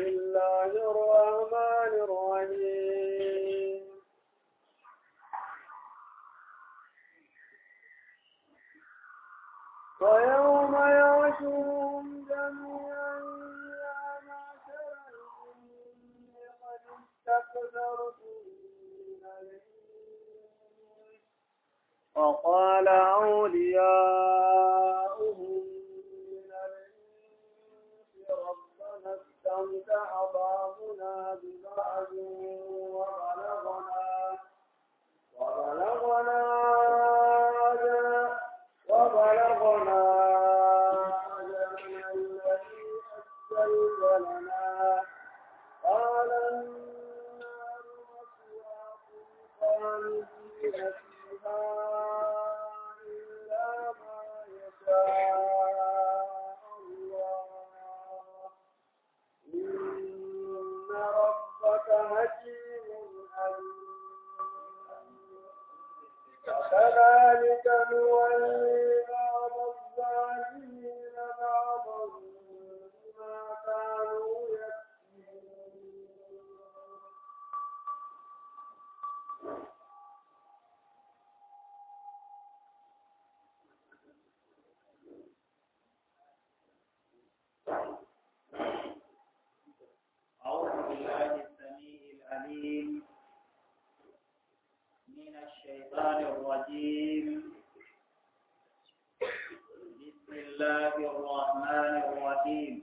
بسم الله الرحمن الرحيم فيوم يغشوهم جميعا يا معشر الجن قد استكثرتم من الإنس وقال أولياء شهد بعضنا ببعض وبلغنا وبلغنا وبلغنا أجلنا الذي أجلت لنا قال النار مثواكم خالدين فيها إلا ما يشاء كذلك نولي بعض الظالمين بعضا بما كانوا يكسبون أعوذ بالله السميع العليم الشيطان الرجيم بسم الله الرحمن الرحيم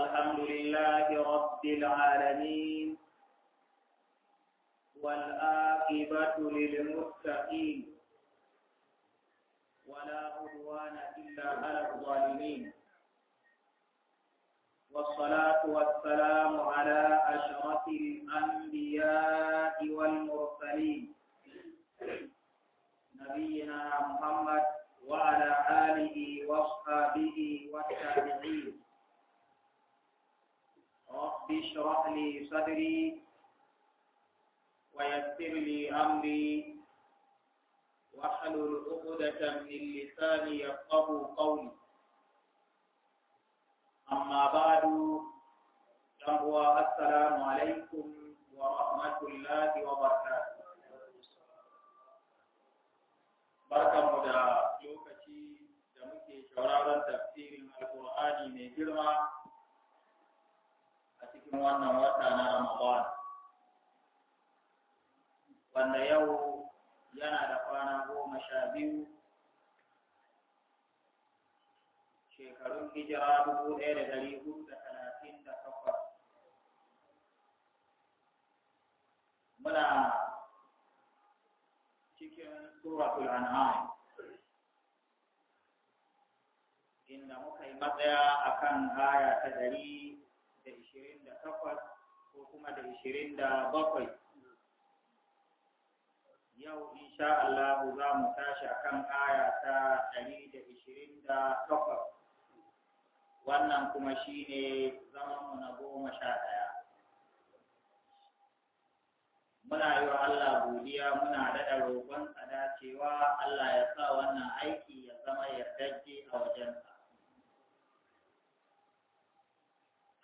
الحمد لله رب العالمين والآخبة للمتقين ولا عدوان إلا على الظالمين والصلاة والسلام على أشرف صدري ويسر لي أمري واحلل عقدة من اللسان يفقه قولي أما بعد فهو السلام عليكم ورحمة الله وبركاته barkanmu da lokaci da muke shauraron tafsirin alkur'ani mai girma cikin wannan wata na Ramadan wanda yau yana da kwana goma sha biyu shekarun hijira dubu ɗaya da ɗari hudu da talatin da takwas muna cikin suratul an'am inda muka yi matsaya akan aya ta ɗari takwas ko kuma da ishirin da bakwai yau insha Allah za mu tashi kan aya ta ɗari da ishirin da takwas wannan kuma shi shine zamanmu na goma sha ɗaya muna yi wa Allah godiya muna daɗa roƙon tsada cewa Allah ya sa wannan aiki ya zama yardajje a wajensa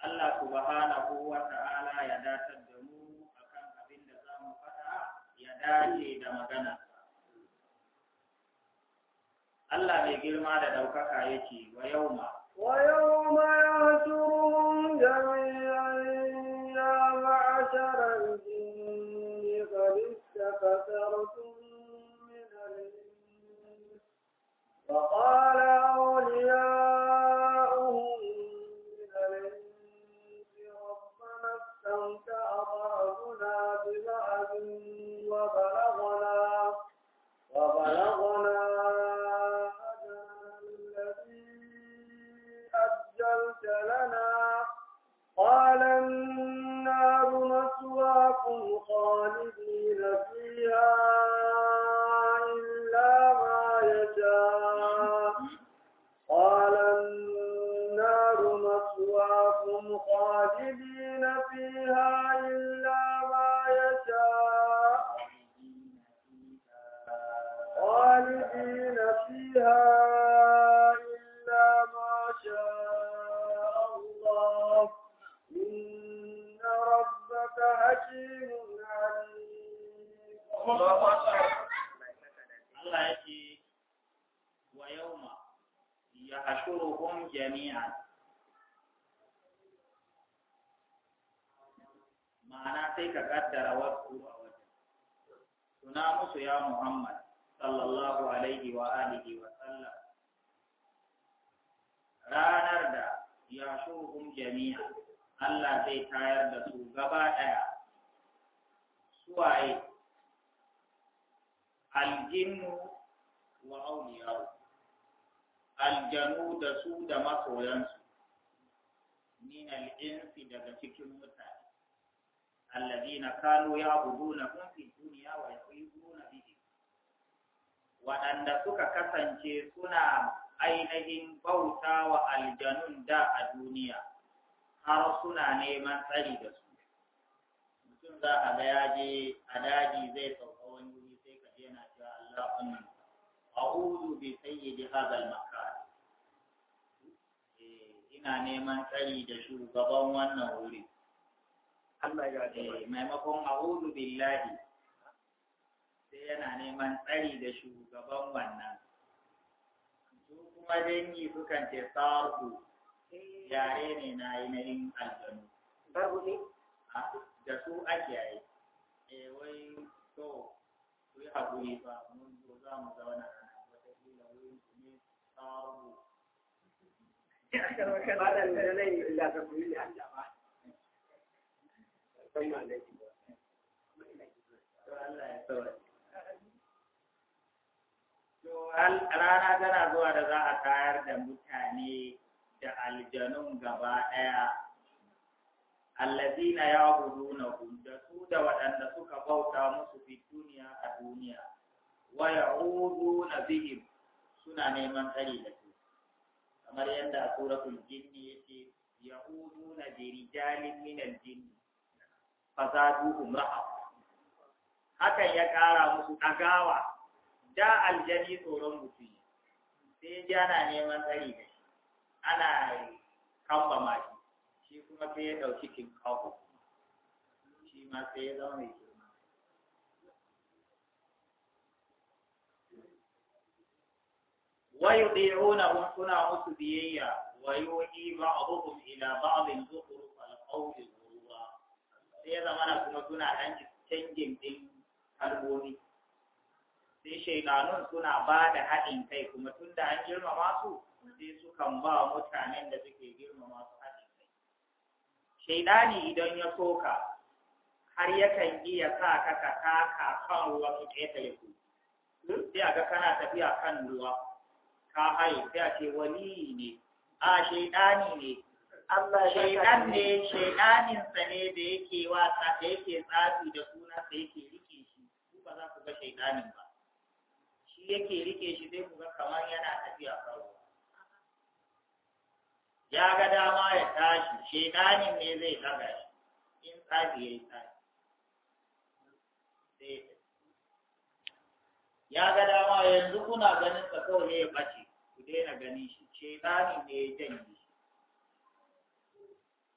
Allah subhanahu wa ta'ala ya datar da mu akan abin da za mu fata ya dace da magana. Allah mai girma da ɗaukaka yake wa yau ma. Wa yau ma ya turun jami'an ya ma'asharar jini, ƙarista ka ina neman tsari da shugaban wannan wuri Allah ya ce eh, maimakon a'udhu billahi sai yana neman tsari da shugaban wannan su kuma dangi sukan ce sarku yare ne na yi na yin aljanu babu ne da su ake yi E, wai to ku yi haƙuri ba mun zo za mu zauna a nan wata wurin ne sarku rana tana zuwa da za a tayar da mutane da aljanun gaba ɗaya allazina ya hudu na da su da waɗanda suka bauta musu fi duniya a duniya waya ya hudu na bihim suna neman tsari da su kamar yadda suratul jinni yake ya'uduna bi rijalin min al-jinn fasadu umra'a hakan ya kara musu dagawa da aljani tsoron mutum sai ya na neman tsari da shi ana kamba ma shi kuma sai ya dauki kinkawo shi ma sai ya zama mai ويطيعونهم سنا مسبيا ويوحي بعضهم إلى بعض زخرف القول غرورا sai zamana kuma suna ɗan canjin ɗin kalmomi sai shaidanun suna ba da haɗin kai kuma tun da an girmama su sai sukan ba mutanen da suke girmama su haɗin kai shaidani idan ya soka har yakan iya sa ka ka taka kan ruwa su ƙetare ku sai a ga kana tafiya kan ruwa ka haye sai a ce wali ne a shaidani ne Allah shaidan ne shaidanin sa ne da yake wa ta da yake tsafi da sunan sa yake rike shi ku ba za ku ga shaidanin ba shi yake rike shi sai ku ga kamar yana tafiya kawo ya ga dama ya tashi shaidanin ne zai daga shi in tsafi ya yi tsafi ya ga dama yanzu kuna ganin sa kawai ya bace daina ganin shi ce, shedani ne ya janye shi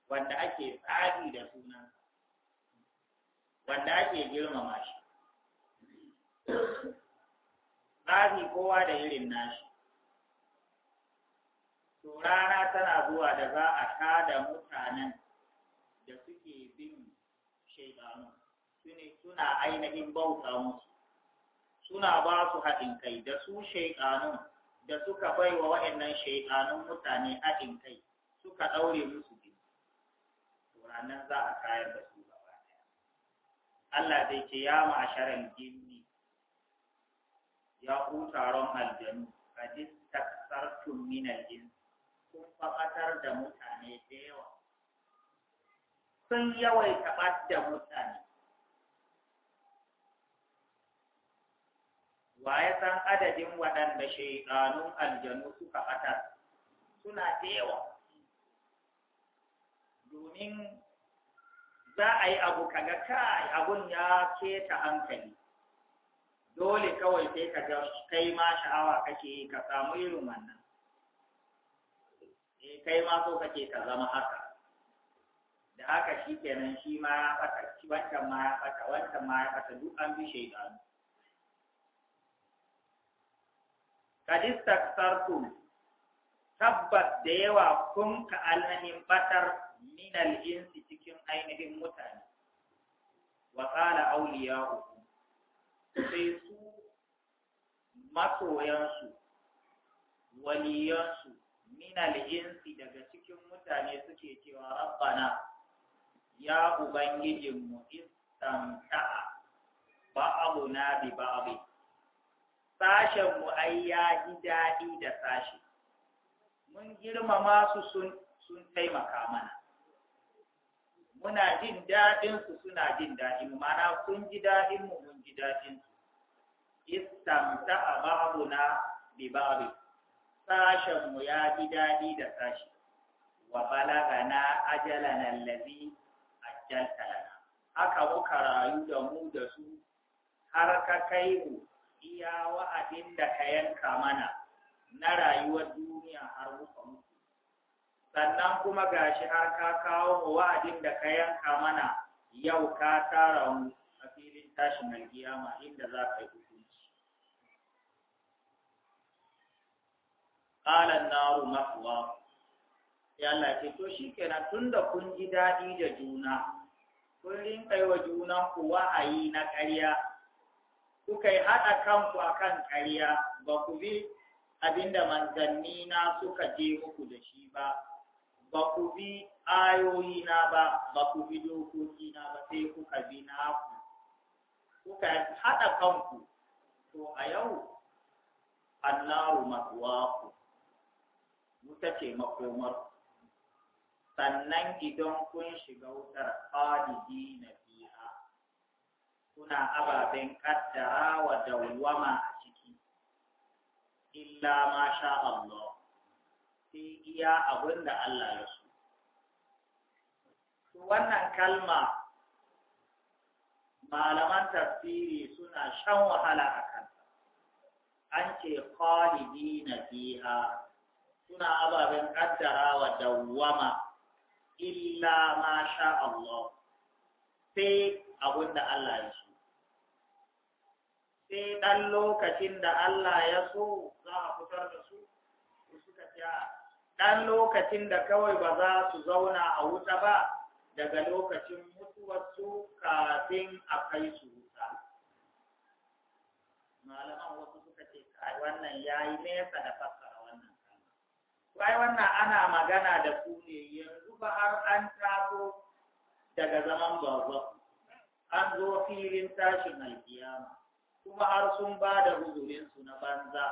wanda ake tsari da sunan wanda ake girmama shi tsari kowa da irin nashi to rana tana zuwa da za a da mutanen da suke bin shaidanu suna ainihin bauta musu suna ba su haɗin kai da su shaidanun da suka bai wa wa'annan shaidanun mutane haɗin kai suka ɗaure musu gini to ranar za a kayar da su gaba ɗaya Allah zai ce ya ma'asharal jini. ya ku taron aljanu kadis taksartum min aljin kun fafatar da mutane da yawa sun yawaita da mutane Wa ya san adadin waɗanda shaidanun aljanu suka ɓatar suna da domin za a yi abu kaga kai abun ya keta hankali dole kawai sai ka ga kai ma sha'awa kake ka samu irin wannan eh kai ma so kake ka zama haka da haka shi kenan shi ma ya fata wancan ma ya fata duk an bi shaidanu kadista sartum tabbas da yawa kun ka alhamin batar minal insi cikin ainihin mutane wa qala awliyahu sai su masoyansu waliyansu minal insi daga cikin mutane suke cewa rabbana ya ubangijinmu istamta ba'abuna bi ba'abi sashen mu ai ya ji daɗi da sashi mun girmama su sun sun taimaka mana muna jin daɗin su suna jin daɗin mana kun ji daɗin mu mun ji daɗin su istamta a babu na babu sashen mu ya ji daɗi da sashi wa na na allazi ajjalta lana haka muka rayu da mu da su har ka kai mu iya wa'adin da ka yanka mana na rayuwar duniya har muka mutu sannan kuma gashi har ka kawo mu wa'adin da ka yanka mana yau ka tara mu a filin tashin kiyama inda za ka yi hukunci qala an-naru mahwa ya Allah ce to shikenan tunda kun ji daɗi da juna kun rinka yi wa junan ku wa'ayi na ƙarya kuka yi haɗa kanku a kan ƙarya ba ku bi abinda manzanni na suka je muku da shi ba ba ku bi ayoyi na ba ba ku bi dokoki na ba sai kuka bi naku kuka haɗa kanku to a yau annaru ku wuta ce makomar sannan idan kun shiga wutar ƙalihi na suna ababen kaddara wa dawwama a ciki illa ma sha Allah sai iya abin da Allah ya so wannan kalma malaman tafsiri suna shan wahala a kanta an ce khalidina fiha suna ababen kaddara wa dawwama illa ma sha Allah sai abin da Allah ya so sai ɗan lokacin da Allah ya so za a fitar da su suka ce ɗan lokacin da kawai ba za su zauna a wuta ba daga lokacin mutuwarsu kafin a kai su wuta malaman wasu suka ce kai wannan ya yi nesa da fassara wannan kalma kai wannan ana magana da su ne yanzu ba har an taso daga zaman babu an zo filin tashin alkiyama kuma har sun ba da uzurinsu na banza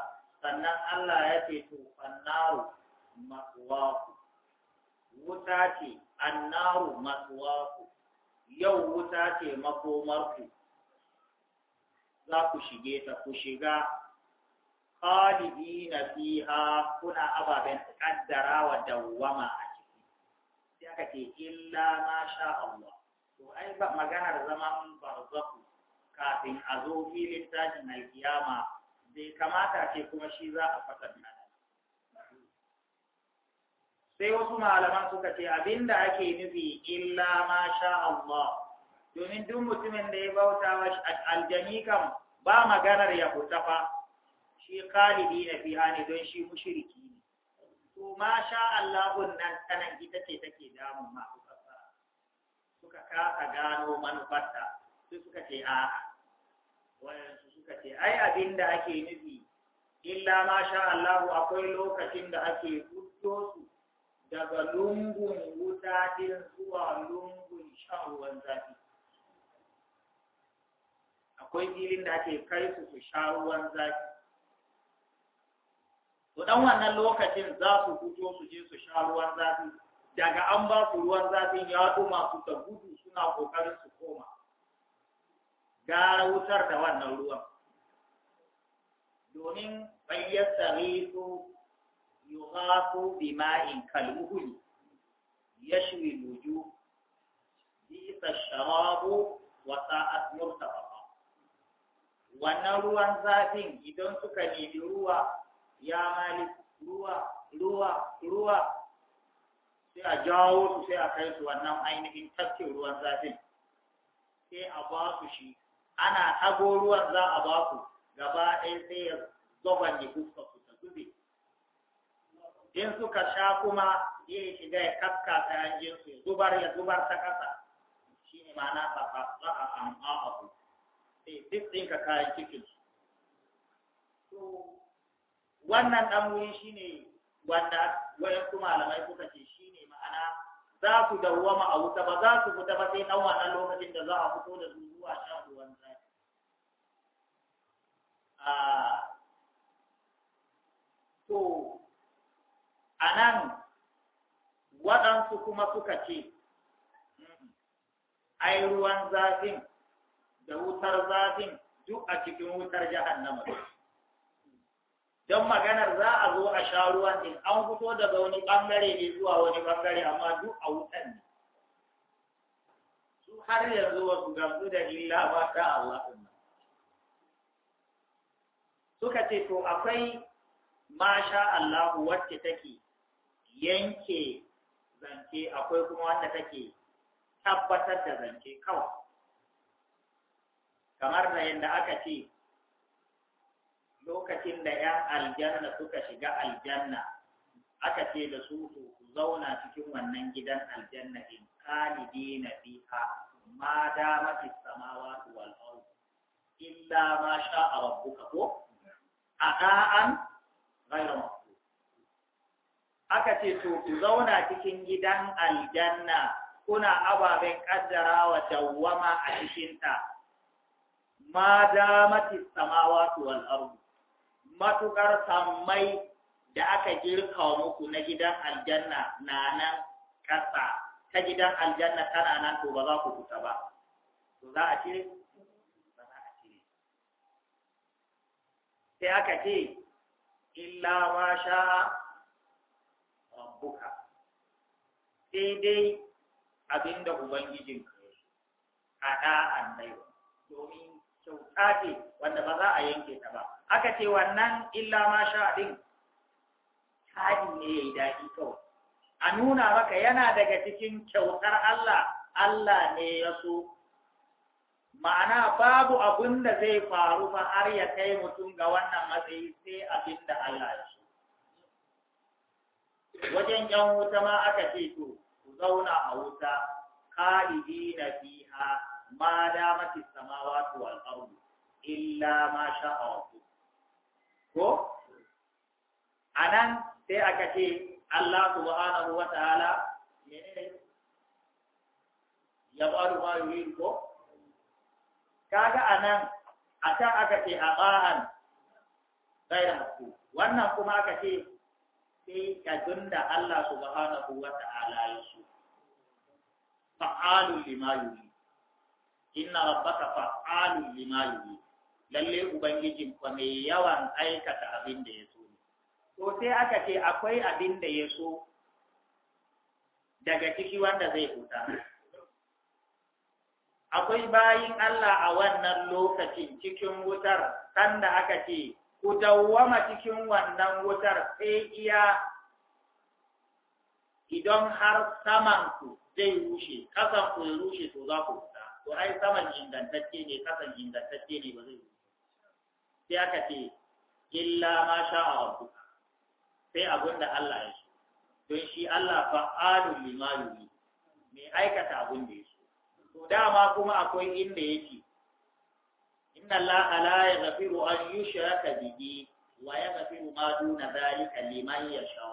sannan Allah ya ce to annaru maswaku wuta ce annaru maswaku yau wuta ce makomarku za ku shige ta ku shiga khalidina fiha kuna ababen kaddara wa dawwama a ciki sai aka ce illa ma sha Allah to ai ba maganar zaman barzakhu kafin a zo filin tajin alkiyama bai kamata ce kuma shi za a kwatanta sai wasu malaman suka ce da ake nufi illa ma sha Allah domin duk mutumin da ya bauta wa aljani kam ba maganar ya fita fa shi kalibi na fi hane don shi mushiriki ne to ma sha Allah nan tsanan ita ce take damun masu suka kasa gano manufarta sai suka ce a'a wayansu suka ce ai abin da ake nufi illa ma sha Allahu akwai lokacin da ake fito su daga lungun wuta din zuwa lungun shan zafi akwai filin da ake kai su su sha zafi to dan wannan lokacin za su fito su je su sha ruwan zafi daga an ba su ruwan zafin ya duma su ta gudu gara wutar da wannan ruwan domin fayyasta riso bi ma'in kalmuhuli yashwi luju bisa sharabu wa ta murtafaqa wannan ruwan zafin idan suka nemi ruwa ya mali ruwa ruwa ruwa sai a jawo su sai a kai su wannan ainihin tafkin ruwan zafin sai a ba su shi ana hago ruwan za a ba ku gaba ɗaya sai ya gwagwanne fuska ku ta zube in suka sha kuma ya shiga ya kaska ta yanjin su ya zubar ya zubar ta kasa shi ne ma'ana fafa za a amma ku sai duk ɗinka kayan cikin su wannan ɗan wuri shi ne wanda wayan kuma malamai suka ce shi ne ma'ana za ku su ma a wuta ba za su fita ba sai dan wannan lokacin da za a fito da su zuwa shan ruwan zafi a to anan waɗansu kuma suka ce ai ruwan zafin da wutar zafin duk a cikin wutar jahannama ne don maganar za a zo a sha ruwa, din an fito daga wani bangare ne zuwa wani bangare amma duk a wutan ne su har yanzu wasu gamsu da illa ba ta Allah din suka ce to akwai masha Allah wacce take yanke zance akwai kuma wanda take tabbatar da zance kawai kamar da yadda aka ce lokacin da ‘yan aljanna suka shiga aljanna aka ce da su ku zauna cikin wannan gidan aljanna in kalidi na fiha ma damati samawa wal ardh illa ma sha'a rabbuka ko ada'an ghayra maqdur aka ce to ku zauna cikin gidan aljanna kuna ababen ƙaddara wa dawwama a cikin ta ma damati samawa wal ardh matuƙar sammai da aka girka wa muku na gidan aljanna na nan ƙasa ta gidan aljanna tana nan to ba za ku fita ba to za a cire ba za a cire sai aka ce illa ma sha rabbuka sai dai abinda ka ya a ɗa'an domin kyauta ce wanda ba za a yanke ta ba aka ce wannan illa ma sha din kadi ne yayi daɗi kawai a nuna maka yana daga cikin kyautar Allah Allah ne ya so ma'ana babu abin da zai faru ba har ya kai mutum ga wannan matsayi sai abinda da Allah ya so wajen yan wuta ma aka ce to ku zauna a wuta na fiha ma damati samawati wal ardu illa ma sha'a rabbu ko anan sai aka ce Allah subhanahu wa ta'ala menene ya ba'du ma yurid ko kaga anan akan aka ce aba'an gaira ku? wannan kuma aka ce sai ka da Allah subhanahu wa ta'ala ya so fa'alun lima yuri inna rabbaka fa'alun lima yuri lalle ubangijin fa mai yawan aikata abin da yaso to sai aka ce akwai abin da ya daga ciki wanda zai huta akwai bayin Allah a wannan lokacin cikin wutar sanda aka ce ku dawwama cikin wannan wutar sai iya idan har saman ku zai rushe kasan ya rushe to za ku to ai saman ingantacce ne kasan ingantacce ne ba zai yi sai aka ce illa ma sha a rabu sai abin da Allah ya so don shi Allah fa lima yuri mai aikata abin da ya so to dama kuma akwai inda yake inna Allah la yaghfiru an yushraka bihi wa yaghfiru ma duna zalika liman yasha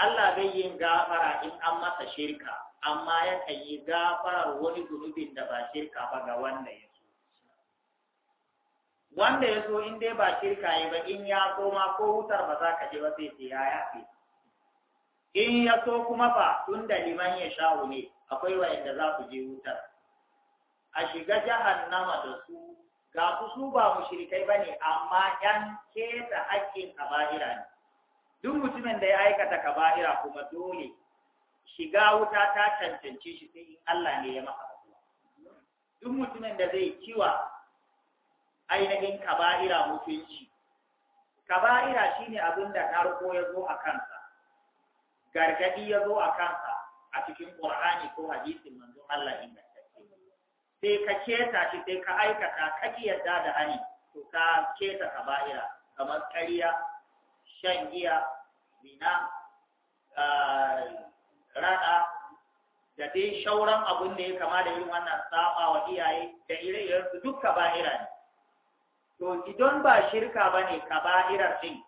Allah bai yin gafara in an masa shirka amma ya yi gafarar wani zunubin da ba shirka ba ga wanda ya so wanda ya so in dai ba shirka yi ba in ya so ko wutar ba za ka je ba sai ya yafe in ya so kuma fa tun da liman ya sha ne akwai wa'anda za ku je wutar a shiga jahannama da su ga su su ba ba ne amma yan keta haƙƙin kaba'ira ne duk mutumin da ya aikata kaba'ira kuma dole shiga wuta ta cancanci shi sai in Allah ne ya maka rasuwa duk mutumin da zai kiwa ainihin kaba'ira mutunci kaba'ira shine abin da narko ya zo a kansa gargadi ya zo a kansa a cikin Al-Qur'ani ko hadisin manzo Allah ingantacce sai ka keta shi sai ka aika ka yarda da hani to ka keta kaba'ira kamar ƙarya shan giya zina ah, rada da dai shauran abun da ya kama da yin wannan saba wa iyaye da ire su duk ne to idan ba shirka ba ne kaba'irar ɗin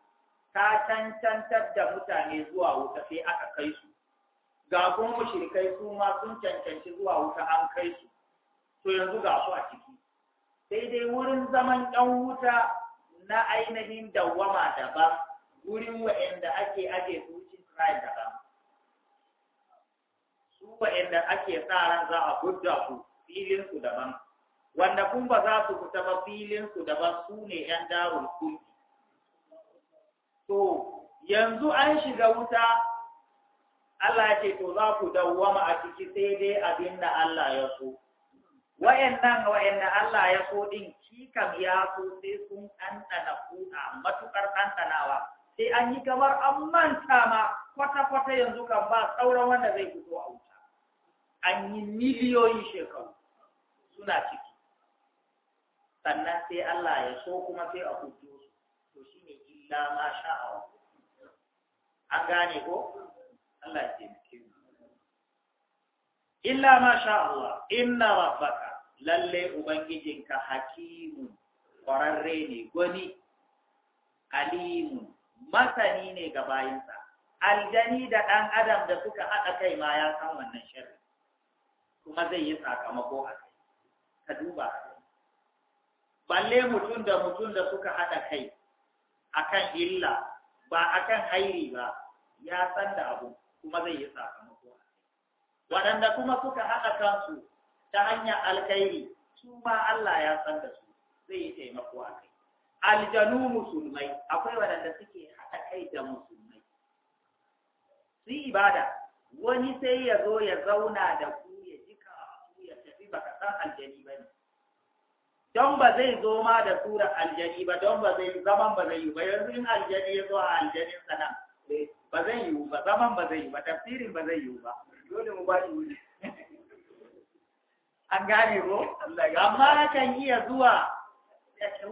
ka cancantar da mutane zuwa wuta sai aka kai su ga kuma shirkai su ma sun cancanci zuwa wuta an kai su to yanzu ga su a ciki sai dai wurin zaman ɗan wuta na ainihin dawwama daban wurin wa'anda ake aje su cikin daban su waɗanda ake sa ran za a gudda su filin su daban wanda kun ba za su fita ba filin su daban su ne yan darul kulki. to yanzu an shiga wuta Allah ce to za ku dawwama a ciki sai dai abin da Allah ya so wayannan wayanda Allah ya so din kikam kam ya so sai sun ɗanɗana a matukar ɗanɗanawa sai an yi kamar an manta ma kwata-kwata yanzu kan ba sauran wanda zai fito a wuta an yi miliyoyin shekaru suna ciki sannan sai Allah ya so kuma sai a hujjo su to shi illa ma sha'awa an gane ko Allah ya taimake mu illa ma sha'awa inna rabbaka lalle ubangijinka hakimun kwararre ne gwani alimun masani ne ga bayinsa aljani da ɗan adam da suka haɗa kai ma ya san wannan sharri kuma zai yi sakamako a kai ka duba balle mutum da mutum da suka haɗa kai akan illa ba akan hairi ba ya san da abu kuma zai yi sakamako a kai waɗanda kuma suka haɗa kansu ta hanyar alkhairi su ma Allah ya san da su zai yi taimako a kai aljanu musulmai akwai waɗanda suke haɗa kai da musulmai su ibada wani sai ya zo ya zauna da Ba ka san aljani ba ne don ba zai zo ma da sura aljani ba don ba zai zaman ba zai yi ba yanzu in aljani ya zo a aljanin sana eh, ba zai yi ba zaman ba zai yi ba tafsirin ba zai yi ba dole mu ba yi an gane ko amma kan iya zuwa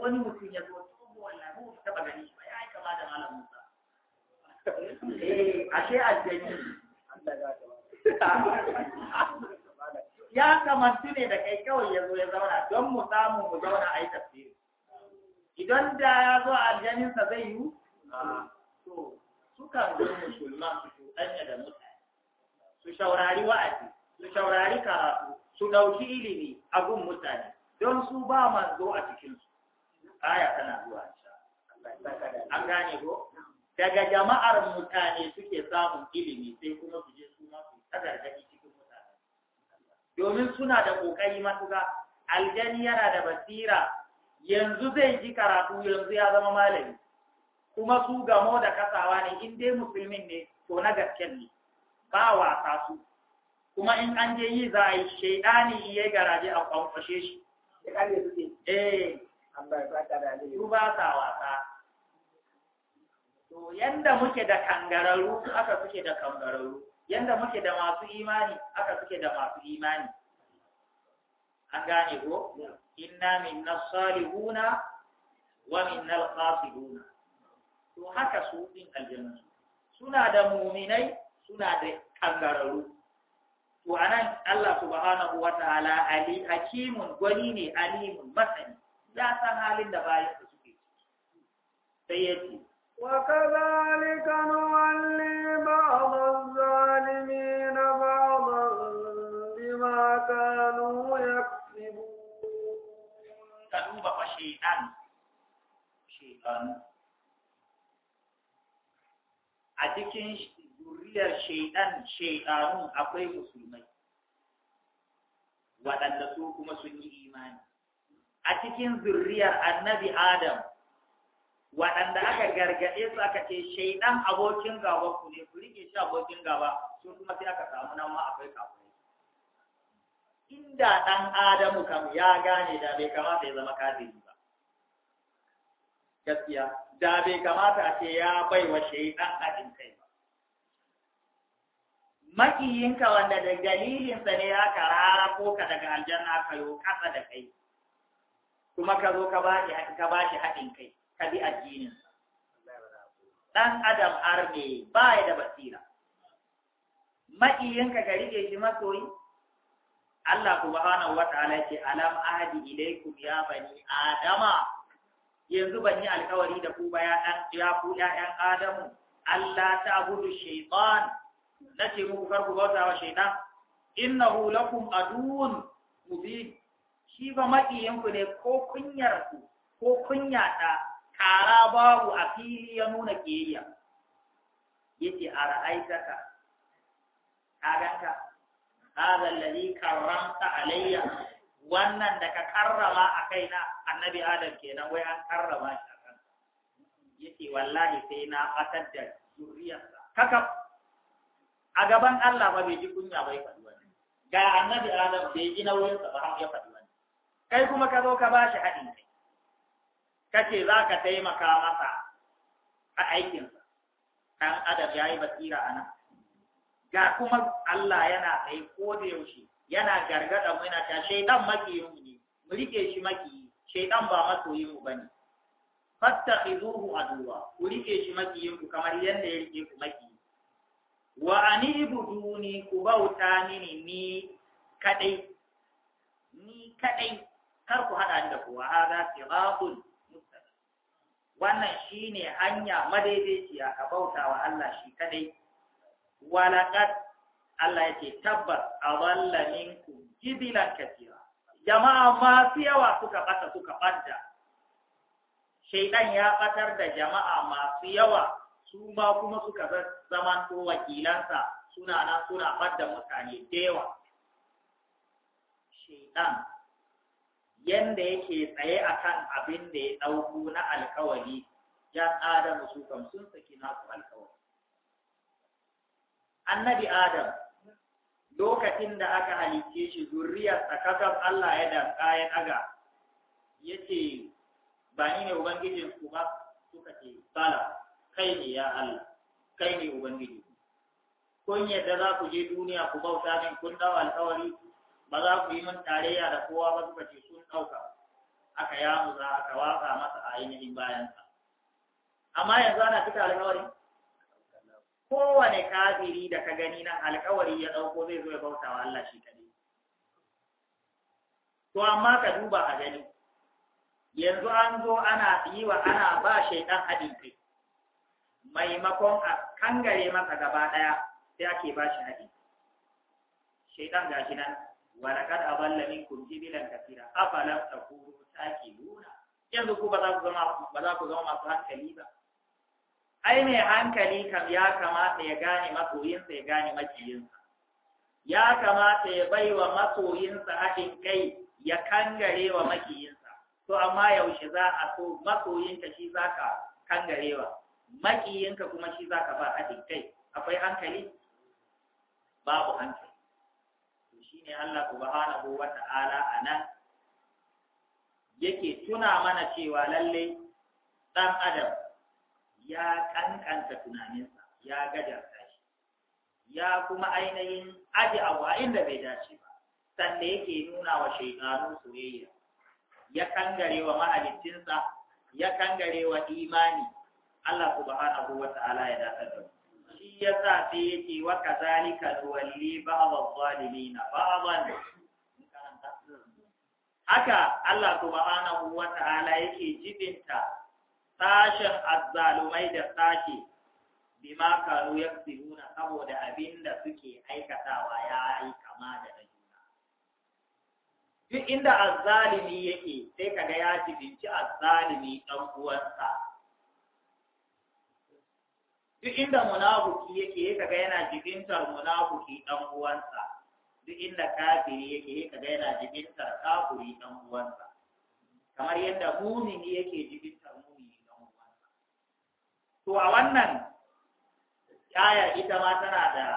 wani mutum ya zo wallahi mu ta ba gani ba ya aika ma da malam Musa eh, ashe aljani Allah ya ya kamantu ne da kai kawai ya zo ya zauna don mu samu mu zauna a yi tafsiri idan da ya zo a aljaninsa zai yi suka zo musulman su cuɗanya da mutane su shaurari wa'azi su shaurari karatu su ɗauki ilimi a gun mutane don su ba manzo a cikinsu aya tana zuwa an gane ko daga jama'ar mutane suke samun ilimi sai kuma su je su ma su ta domin suna da ƙoƙari matuƙa aljani yana da basira yanzu zai ji karatu yanzu ya zama malami kuma su gamo da kasawa ne in dai musulmin ne to na gasken ne ba wasa su kuma in an je yi za a yi shaidani ya yi garaje a kwamfashe shi eh su ba wasa to yanda muke da kangararru aka suke da kangararru yanda muke da masu imani aka suke da masu imani an gane ko inna minna salihuna wa minnal qasiduna to haka su din aljanna suna da mu'minai suna da kangararu to anan Allah subhanahu ta'ala ali hakimun gwani ne alimun masani ya san halin da bayan su suke sai yace wa kadhalika nu'alli ba'dha syi'an syi'an a cikin zuriyar shaidan shaitanun akwai musulmai waɗanda su kuma sun yi imani a cikin zuriyar annabi adam waɗanda aka gargaɗe su aka ce shaidan abokin gaba ku ne ku rike shi abokin gaba su kuma sai aka samu nan ma akwai kafin inda ɗan adamu kam ya gane da bai kamata ya zama kafin gaskiya da bai kamata a ce ya bai wa shaidan haɗin kai ba makiyinka wanda da dalilinsa ne ya karara ko ka daga aljanna ka yo kasa da kai kuma ka zo ka bashi ka bashi haɗin kai ka bi addinin dan adam arme ba ya da basira makiyinka ka rike shi masoyi Allah subhanahu wa ta'ala ce alam ahdi ilaikum ya bani adama yanzu ban yi alkawari da ku ba ya ku ‘ya'yan Adamu, Allah ta abudu shaitan, na ce muku karku bauta wa shaitan, inna lakum aduun mubi, shi ba maƙiyanku ne ko kunyar ku ko kunya ta. kara babu a ya nuna ƙiyayya. Yake a ra'aitaka, ka ganka, hadha alladhi karanta alayya, wannan da ka karrama a kaina annabi adam kenan wai an karrama shi a kan yake wallahi sai na fatar da zuriyarsa kaka a gaban Allah ba bai ji kunya bai faɗi wani ga annabi adam bai ji nauyinsa ba ya faɗi wani kai kuma ka zo ka ba shi haɗin kai kace za ka taimaka masa a aikinsa ɗan adam ya yi basira a nan ga kuma Allah yana kai ko da yaushe yana gargada mu yana ta shaydan makiyin mu ne mu rike shi makiyi shaydan ba yin mu bane a duwa, ku rike shi makiyin ku kamar yadda ya rike ku makiyi wa anibuduni ku bauta mini ni kadai ni kadai kar ku hada da kowa hada siratul mustaqim wannan shine hanya madaidaiciya ka bauta wa Allah shi kadai walaqad Allah yake tabbas a minkum jibilan katira jama'a masu yawa suka bata suka badda shaidan ya batar da jama'a masu yawa su ma kuma suka zama to wakilansa suna nan suna bada mutane da yawa shaidan yanda yake tsaye akan abin da ya dauko na alkawari yan adamu su kam sun saki nasu alkawari annabi adam lokacin da aka halice shi zuriyar kasar Allah ya danka ya daga ya ce ba ni ne ubangijin ku ba suka ce tsala kai ne ya Allah kai ne ubangiji kun yadda za ku je duniya ku bauta min kun dawo alkawari ba za ku yi min tarayya da kowa ba suka ce sun ɗauka aka za aka watsa masa a ainihin bayansa amma yanzu ana fita alkawari kowane kafiri da ka gani nan alkawari ya ɗauko zai zo ya bauta wa Allah shi kaɗai. To amma ka duba a gani, yanzu an zo ana wa ana ba shaidan haɗin kai, maimakon a kangare masa gaba ɗaya sai ake ba shi haɗin. Shaidan ga shi nan, a aballa minkum bilan kafira, ta ke nuna. Yanzu ku ba za ku zama masu hankali ba. ai mai hankali kam ya kamata ya gane masoyinsa ya gane maciyinsa ya kamata ya bai wa masoyinsa haɗin kai ya kangare wa makiyinsa to amma yaushe za a so masoyinka shi za ka kangarewa makiyinka kuma shi za ka ba haɗin kai akwai hankali babu hankali to shi ne Allah subhanahu wa ta'ala a nan yake tuna mana cewa lallai ɗan adam ya kankanta tunaninsa ya gajarta shi ya kuma ainihin aji abu a inda bai dace ba sanda yake nuna wa shaidanu soyayya ya kangare wa mahaliccinsa ya kangare wa imani Allah subhanahu wa ta'ala ya dace da shi ya sa sai yake wa kazalika tuwalli ba'd adh-dhalimin ba'dan haka Allah subhanahu wa ta'ala yake jibinta Tashin azzalumai da bi ma kanu ya saboda abin da suke aikatawa ya yi kama da na juna duk inda azzalumi yake sai kaga ya jibinci azzalumi ɗan uwansa duk inda munafuki yake ya kaga yana jibintar munafuki ɗan uwansa duk inda kafiri yake ya kaga yana jibintar kafiri ɗan uwansa kamar yadda mumini yake jibintar to a wannan ayar ita ma tana da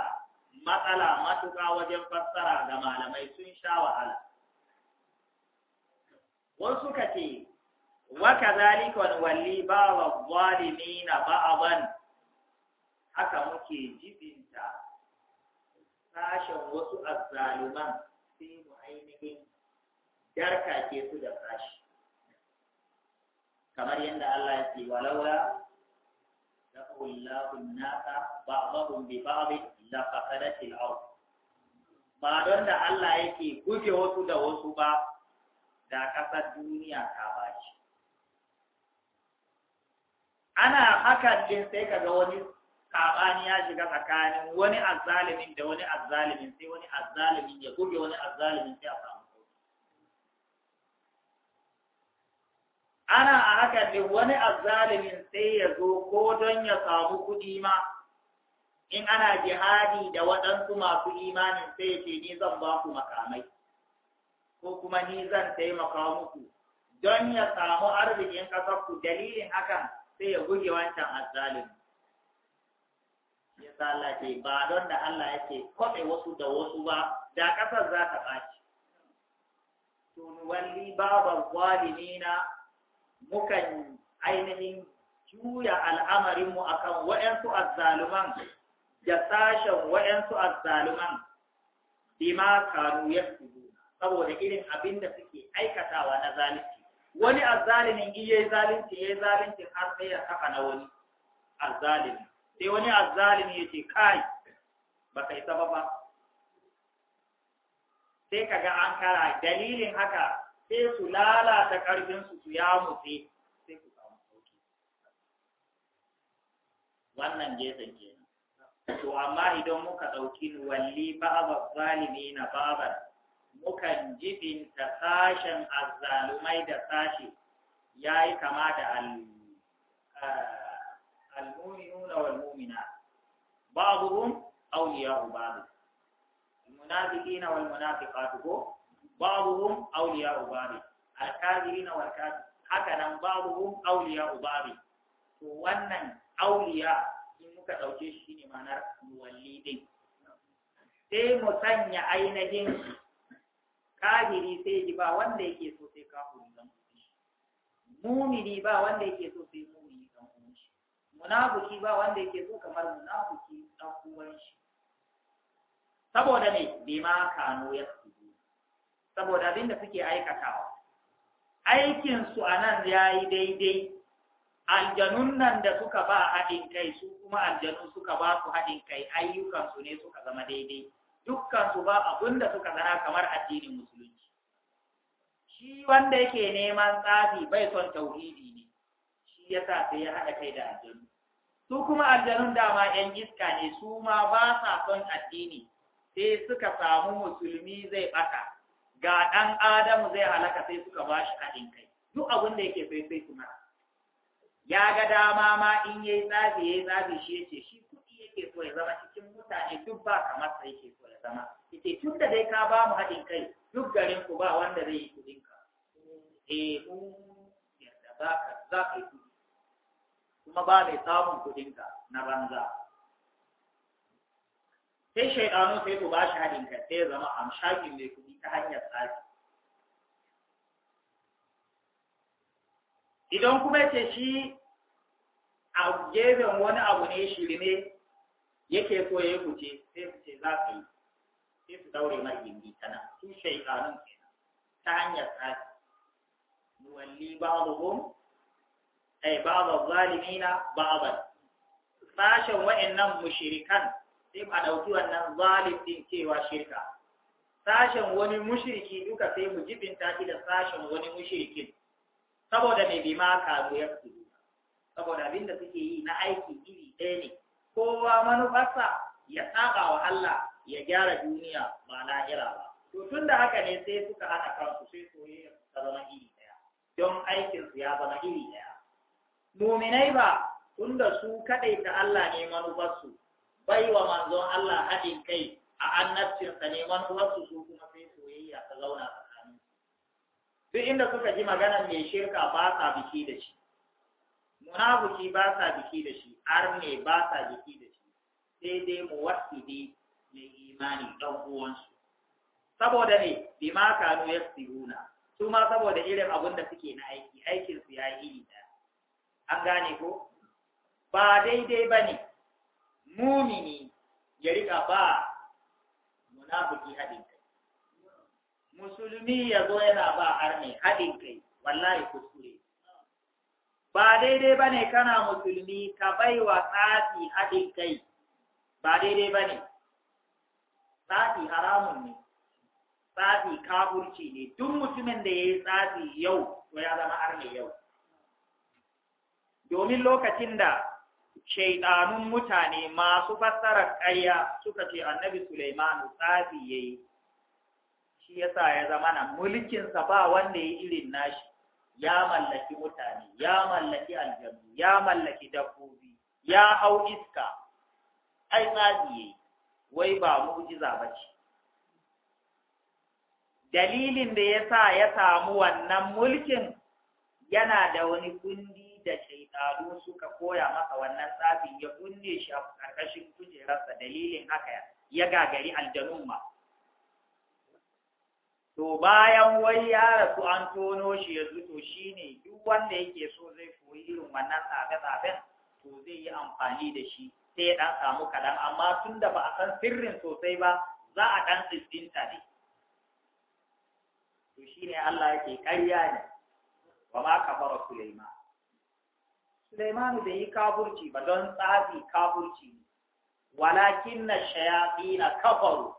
matsala matuƙa wajen fassara ga malamai sun sha wahala wasu ka ce wa kadhalika walli ba ba'd adh-dhalimin ba'dan haka muke jibinta sashen wasu azzaluman sai mu ainihin jarka ke su da sashi kamar yadda Allah ya ce walaula دفعوا الله الناس بعضهم ببعض الأرض ba don da Allah yake guge wasu da wasu ba da kasar duniya ta ana hakan din sai kaga wani sabani ya shiga tsakanin wani azzalimin da wani sai wani ya guje wani azzalimin sai a ana a haka ne wani azzalimin sai ya zo ko don ya samu kuɗi ma in ana jihadi da waɗansu masu imanin sai ya ce ni zan ba ku makamai ko kuma ni zan taimaka muku don ya samu arzikin ƙasarku dalilin hakan sai ya buge wancan azzalimi ya Allah ce ba don da Allah yake kwaɓe wasu da wasu ba da ƙasar za ta ɓaci. Tun babar walimina mukan ainihin juya al'amarinmu a kan wa’yansu azzaluman da sashen waɗansu azzaluman ma karu ya saboda irin abin da suke aikatawa na zalunci wani azzalimin in yayi zalunci yayi zalunci har sai ya saka na wani azzalimi sai wani azzalimi ya ce kai ba kai sababa ba sai kaga an kara dalilin haka sai su lalata ƙarfinsu su ya mutse sai ku samu sauki wannan gefen ke to amma idan muka ɗauki walli ba'aba zalimi na ba'abar mukan jibinta sashen azzalumai da sashe ya yi kama da eh, al-mu'minuna wal mu'minat ba'dhum awliya'u ba'd al-munafiqina wal munafiqatu babuhum awliya ubabi alkafirina wal kafir haka nan babuhum awliya ubabi to wannan awliya in muka dauke shi ne ma'anar muwalli din sai mu sanya ainihin Kadiri sai ji ba wanda yake so sai kafiri zan mumini ba wanda yake so sai mumini zan shi Munafuki ba wanda yake so kamar munafuki ɗan uwan shi saboda ne bima kanu ya saboda abin da suke aikatawa aikin su anan ya yi daidai aljanun nan da suka ba haɗin kai su kuma aljanu suka ba su haɗin kai ayyukansu ne suka zama daidai dukkansu ba abin da suka zara kamar addinin musulunci shi wanda yake neman tsafi bai son tauhidi ne shi yasa sai ya haɗa kai da aljanu su kuma aljanun dama 'yan iska ne su ma ba sa son addini sai suka samu musulmi zai ɓata ga ɗan adam zai halaka sai suka ba shi haɗin kai duk abin da yake sai sai kuma ya ga dama ma in yayi tsafi yayi tsafi shi yace shi kuɗi yake so ya zama cikin mutane duk ba kamar sai yake so ya zama yace tun da dai ka ba mu haɗin kai duk garin ku ba wanda zai yi kudin ka eh ya yarda za ka za yi kuma ba mai samun kuɗinka ka na banza sai shaidanu sai ku ba shi haɗin kai sai zama amshakin mai kuɗi ta hanyar tsari idan kuma ce shi a gefen wani abu ne shirme yake so ya yi kuce sai su ce za su yi sai su daure mai gindi tana su shaidanun kenan ta hanyar tsari nuwalli ba'dhum ay ba'd ba zalimina ba'dan sashen wa'annan mushirikan. sai a ɗauki wannan zalif din cewa shirka sashen wani mushriki duka sai mu jibinta shi da sashen wani mushrikin saboda mai bima ka ya saboda abin da suke yi na aiki iri ɗaya ne kowa manufarsa ya saba wa Allah ya gyara duniya ba lahira ba to tunda da haka ne sai suka haɗa kansu sai soyayya ta zama iri ɗaya don aikinsu ya zama iri ɗaya muminai ba tunda su kaɗai ta Allah ne manufarsu bai wa manzon Allah haɗin kai a annabcinsa neman wasu su kuma sai soyayya ta zauna tsakanin duk inda suka ji maganar mai shirka ba sa biki da shi munafuki ba sa biki da shi arne ba sa biki da shi sai dai muwassidi mai imani ɗan uwansu saboda ne bima kanu yasiruna su ma saboda irin abin da suke na aiki aikin su yayi iri ɗaya an gane ko ba daidai bane mumini ya rika ba munafiki haɗin kai musulmi ya zo yana ba arne haɗin kai wallahi kuskure ba daidai ba ne kana musulmi ka bai wa tsafi haɗin kai ba daidai ba ne tsafi haramun ne tsafi kaburci ne duk mutumin da ya yi tsafi yau to ya zama arne yau domin lokacin da Shaiɗanun mutane masu fassarar ƙarya suka ce annabi Sulaimanu tsafi ya yi, shi ya sa ya zama na mulkinsa ba wanda ya irin nashi, ya mallaki mutane, ya mallaki aljanu, ya mallaki dabbobi, ya hau iska, ai tsafi ya yi, wai ba mu'jiza ba ce. Dalilin da ya sa ya samu wannan mulkin yana da wani kundi da shi tsaro suka koya masa wannan tsafin ya kunne shi a ƙarƙashin kujerarsa dalilin haka ya gagari aljanun ma to bayan wai ya rasu an tono shi yanzu to ne duk wanda yake so zai koyi irin wannan tsafe-tsafen to zai yi amfani da shi sai ɗan samu kaɗan amma tun da ba a san sirrin sosai ba za a ɗan tsistinta ne to shine Allah yake karya ne ba ma kafara Sulaiman Sulaimanu bai yi kafurci ba don tsafi kafurci walakin na shayafi na kafaru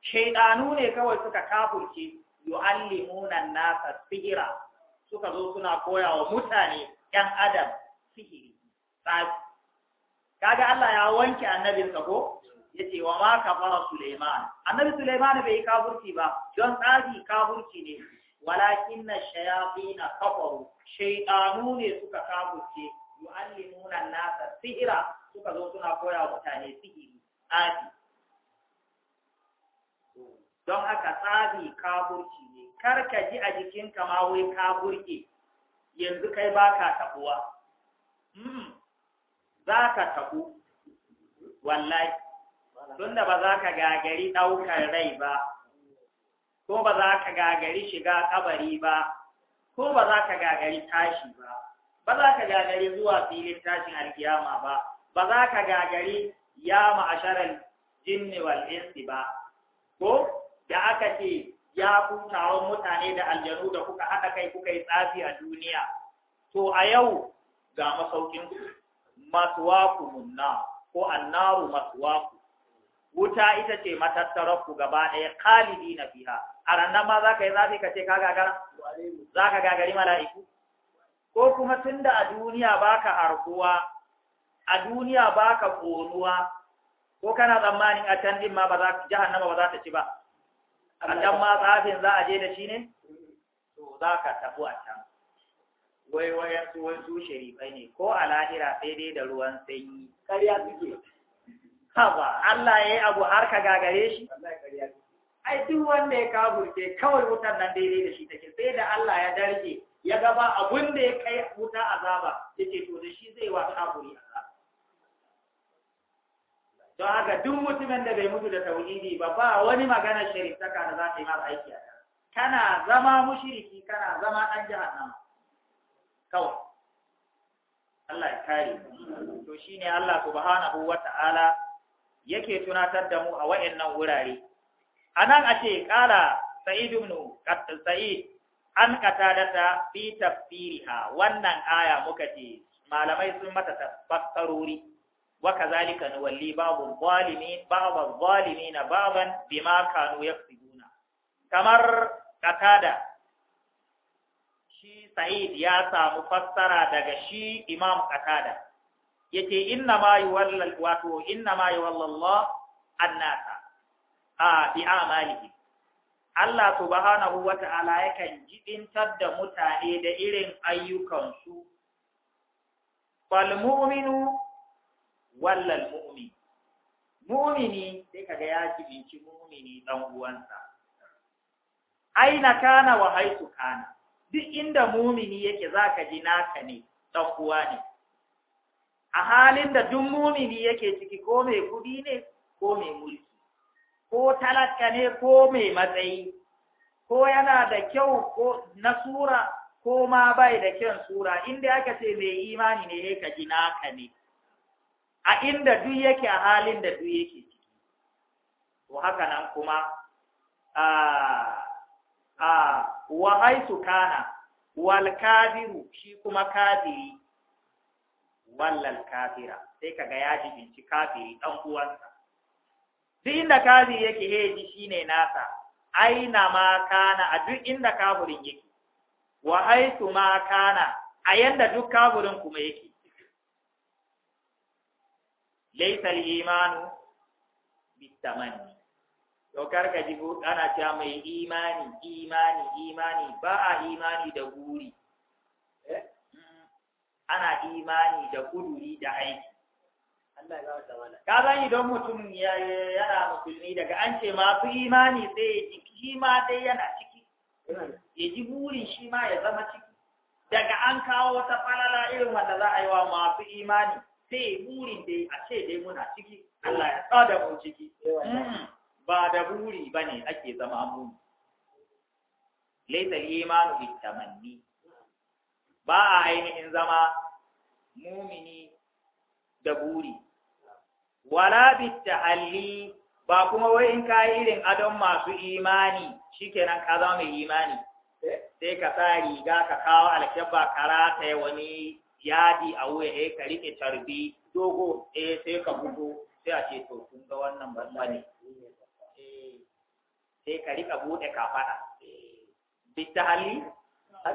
shaidanu ne kawai suka kafurce yu'allimuna nasa sihira suka zo suna koya wa mutane ƴan adam sihiri tsafi kaga Allah ya wanke annabinsa ko ce wa ma kafara Sulaiman annabi Sulaiman bai yi kafurci ba don tsafi kafurci ne walakin na shayafi na kafaru shaidanu ne suka kafurce yu'allimuna an-nasa sihira suka zo suna koya wa mutane sihiri tsafi don haka tsafi kaburci ne kar ka ji a jikinka ma wai kaburke yanzu kai baka tabuwa hmm. za ka tabu wallahi da ba za ka gagari ɗaukar rai ba ko ba za ka gagari shiga kabari ba ko ba za ka gagari tashi ba ba za ka gagari zuwa filin tashin alkiyama ba ba za ka gagari ya ma'asharar jinni insi ba ko da aka ce ya kuntawan mutane da aljanu da kuka haɗa kai kuka yi tsafi a duniya to a yau ga masaukin ku masuwaku munna ko annaru masuwaku wuta ita ce matattarar ku gaba ɗaya kalidi na fiha a rannan ma za ka yi zafi ka ce ka gagara za ka gagari mala'iku ko kuma tunda a duniya baka harkuwa a duniya baka konuwa ko kana tsammanin a can din ma ba za jahannama ba za ta ci ba a can ma tsafin za a je da shi ne to za ka tafi a can wai wayan su wai su sharifai ne ko a lahira sai dai da ruwan sanyi ƙarya suke haba Allah ya yi abu har ka gagare shi ai duk wanda ya kafurce kawai wutar nan daidai da shi take sai da Allah ya darje ya gaba abun da ya kai wuta azaba yace to da shi zai wa kaburi azaba don haka duk mutumin da bai mutu da tauhidi ba ba wani magana saka da za ta yi masa aiki a kana zama mushriki kana zama dan jahannama kawai Allah ya kare to shine Allah subhanahu wata'ala yake tunatar da mu a wayannan wurare anan a ce kala sa'id ibn sa'id an qatadata fi tafsiriha wannan aya muka ce malamai sun mata tafsirori wa kazalika nuwalli ba'dhu zalimin ba'dhu zalimin ba'dan bima kanu yaksibuna kamar qatada shi Sa'id ya samu fassara daga shi Imam Qatada yace inna ma yuwallal wato inna ma yuwallallah annasa a bi amalihi Allah subhanahu wata'ala yakan jibintar da mutane da irin ayyukansu fal mu'minu wallal mu'min mu'mini sai kaga ya jibinci mu'mini dan uwansa aina kana wa haitu kana duk inda mu'mini yake zaka ji naka ne dan uwa ne a halin da duk mumini yake ciki ko mai kudi ne ko mai mulki ko talaka ne ko mai matsayi ko yana da kyau ko na sura ko ma bai da kyan sura inda aka ce mai imani ne ya kaji ka ne a inda duk yake a halin da duk yake ciki to haka nan kuma a a wa haitu kana wal kafiru shi kuma kafiri wallal kafira sai kaga ya jibinci kafiri dan uwansa duk inda kazi yake heji shine nasa aina ma kana a duk inda kafirin yake wa haitu ma kana a yanda duk kafirin kuma yake laysa al-imanu bitamani. to ka ji ana cewa mai imani imani imani ba a imani da guri eh? mm. ana imani da kuduri da aiki ka zan idan mutum ya yana musulmi daga an ce masu imani sai ya ji shi ma dai yana ciki ya ji burin shi ma ya zama ciki daga an kawo wata falala irin wanda za a yi wa masu imani sai burin dai a ce dai muna ciki Allah ya tsada mu ciki hmm. ba da buri ba ne ake zama buri laisa imanu bitamanni ba a ainihin zama mumini da buri wala bitahalli ba kuma wai in ka yi irin adon masu imani shikenan ka zama mai imani eh? sai ka sa riga ka kawo alkebba ka rataye wani yadi a wuya eh ka rike tarbi dogo eh sai ka bugo sai a ce to kun ga wannan bane ne eh, sai ka rika bude ka fada eh. bitahalli a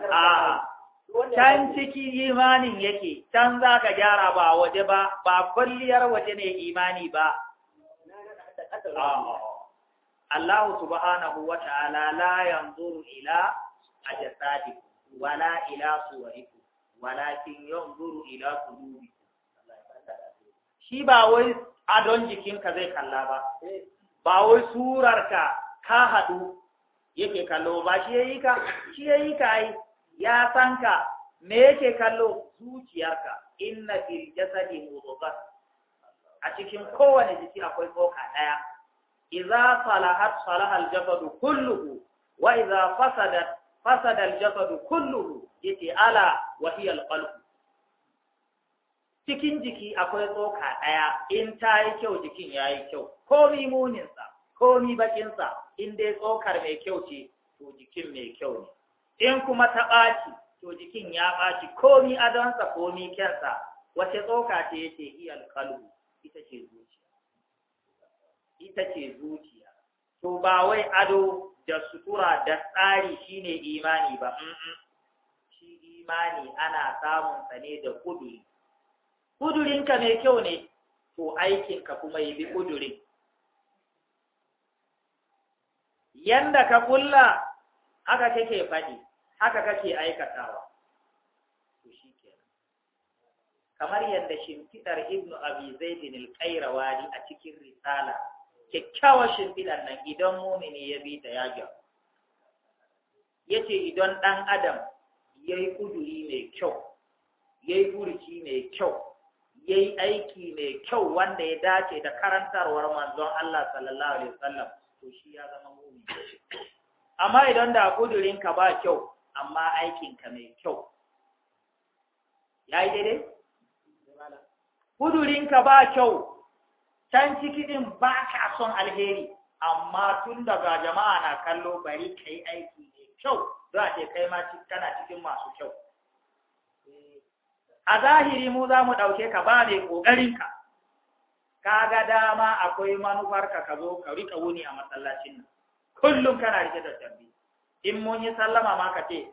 can ciki imanin yake can za ka gyara ba waje ba ba kwalliyar waje ne imani ba Allah subhanahu wa ta'ala la yanzuru ila ajsadikum wala ila suwarikum walakin yanzuru ila rubi. shi ba wai adon jikinka zai kalla ba eh. ba wai surarka ka hadu yake kallo ba shi yayi ka shi yayi ka ai ya san ka me yake kallo zuciyarka inna fil jasadi mudghah a cikin kowane jiki akwai tsoka daya idza salahat salaha al jasadu kulluhu wa idza fasadat fasada al jasadu kulluhu yati ala wa hiya al qalb cikin jiki akwai tsoka daya in ta yi kyau jikin ya yi kyau ni muninsa ni bakinsa in dai tsokar mai kyau ce to jikin mai kyau ne in kuma ta ɓaci to jikin ya ɓaci komi adonsa komi kyansa wace tsoka ce yake iya alƙalu ita ce zuciya ita ce zuciya to ba wai ado da sutura da tsari shine imani ba shi imani ana samun sa ne da kuduri kudurinka mai kyau ne to aikinka kuma yi bi kudurin yanda ka kulla haka kake faɗi haka kake aikatawa to shi ke. kamar yadda shimfidar ibnu abi zaidin al-qayrawani a cikin risala kyakkyawar shimfidan nan idan mumini ya bi ta ya yace idan dan adam yayi kuduri mai kyau yayi furuci mai kyau yayi aiki mai kyau wanda ya dace da karantarwar manzon Allah sallallahu alaihi wasallam to shi ya zama mumini amma idan da kudurin ka ba kyau amma aikinka mai kyau ya yi daidai? kudurinka ba kyau can cikin ba ka son alheri amma tun daga jama'a na kallo bari ka yi aiki mai kyau za a kai ma tana cikin masu kyau a zahiri mu za mu ɗauke ka ba mai ƙoƙarinka ka ga dama akwai manufarka ka zo ka riƙa wuni a masallacin nan kullum kana rike da tarbi in mun yi sallama ma ka ce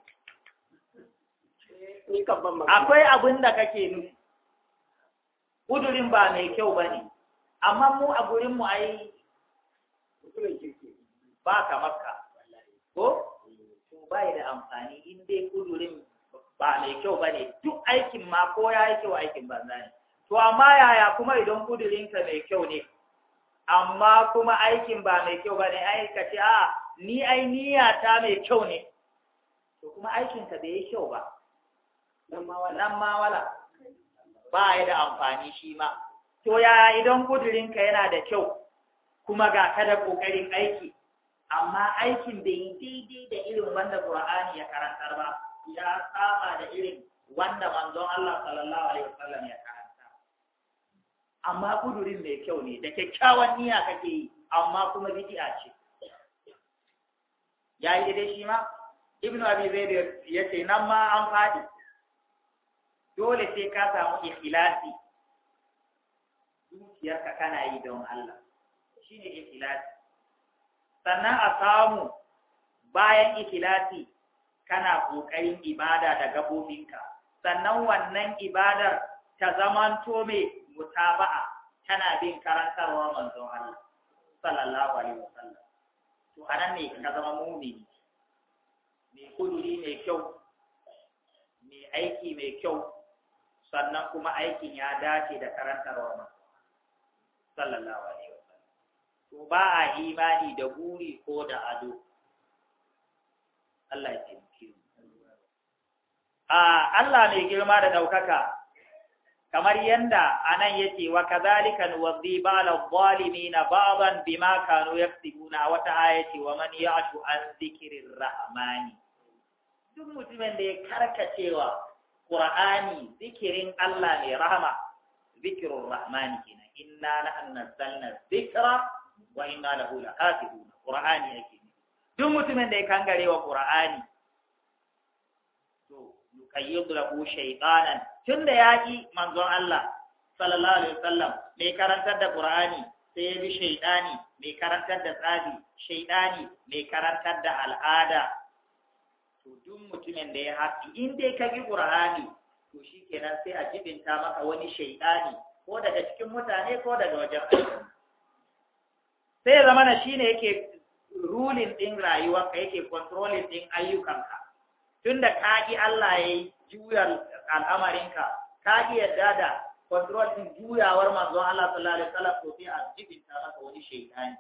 akwai abin da kake nufi kudurin ba mai kyau ba ne amma mu a gurinmu a yi ba ka makka ko ba da amfani in dai kudurin ba mai kyau ba ne duk aikin ma ko ya yi kyau aikin banza ne to amma yaya kuma idan kudurinka mai kyau ne amma kuma aikin ba mai kyau ba ne ai ka ce a ah, ni ai niyya ta mai kyau ne to kuma aikinka bai yi kyau ba nan ma wala ba ya da amfani shi ma to ya idan kudurinka yana da kyau kuma ga kada da ƙoƙarin aiki amma aikin bai yi daidai da irin wanda Qur'ani ya karantar ba ya saba da irin wanda manzon Allah sallallahu alaihi wasallam ya karanta amma kudurin mai kyau ne da kyakkyawan niyya kake yi amma kuma bid'a ce ya yi dai shi ma Ibnu abi zaid ya ce nan ma an faɗi dole sai ka samu ikhlasi ka kana yi don Allah shine ikhlasi sannan a samu bayan ikhlasi kana kokarin ibada da gabobinka sannan wannan ibadar ta zamanto mai mutaba'a tana bin karantarwa manzon Allah sallallahu alaihi wasallam to anan ne ka zama mumi mai kuduri mai kyau mai aiki mai kyau sannan kuma aikin ya dace da karantarwa ma sallallahu alaihi wasallam to ba a imani da guri ko da ado Allah ya taimake mu a Allah mai girma da daukaka kamar yanda anan yace wa kadhalika nuwadhi ba'al zalimina ba'dan bima kanu na wata ayati wa man ya'shu an zikirin rahamani. duk mutumin da ya karkacewa qur'ani zikirin Allah ne rahama zikrur rahmani kina inna nahnu nazzalna zikira wa inna lahu lahafizun qur'ani yake duk mutumin da ya kangarewa qur'ani to yuqayyidu lahu shaytanan tun da ya ƙi manzon Allah sallallahu alaihi wasallam mai karantar da Qur'ani sai ya bi shaidani mai karantar da tsabi shaidani mai karantar da al'ada to duk mutumin da ya haƙi in dai ka bi Qur'ani to shikenan sai a jibinta maka wani shaidani ko daga cikin mutane ko daga wajen aiki sai zamana shine yake ruling din rayuwarka yake controlling din ayyukanka tunda ka ki Allah ya juyar. al'amarinka ka iya dada control din juyawar manzon Allah sallallahu alaihi wasallam to sai a jibinta maka wani shaytani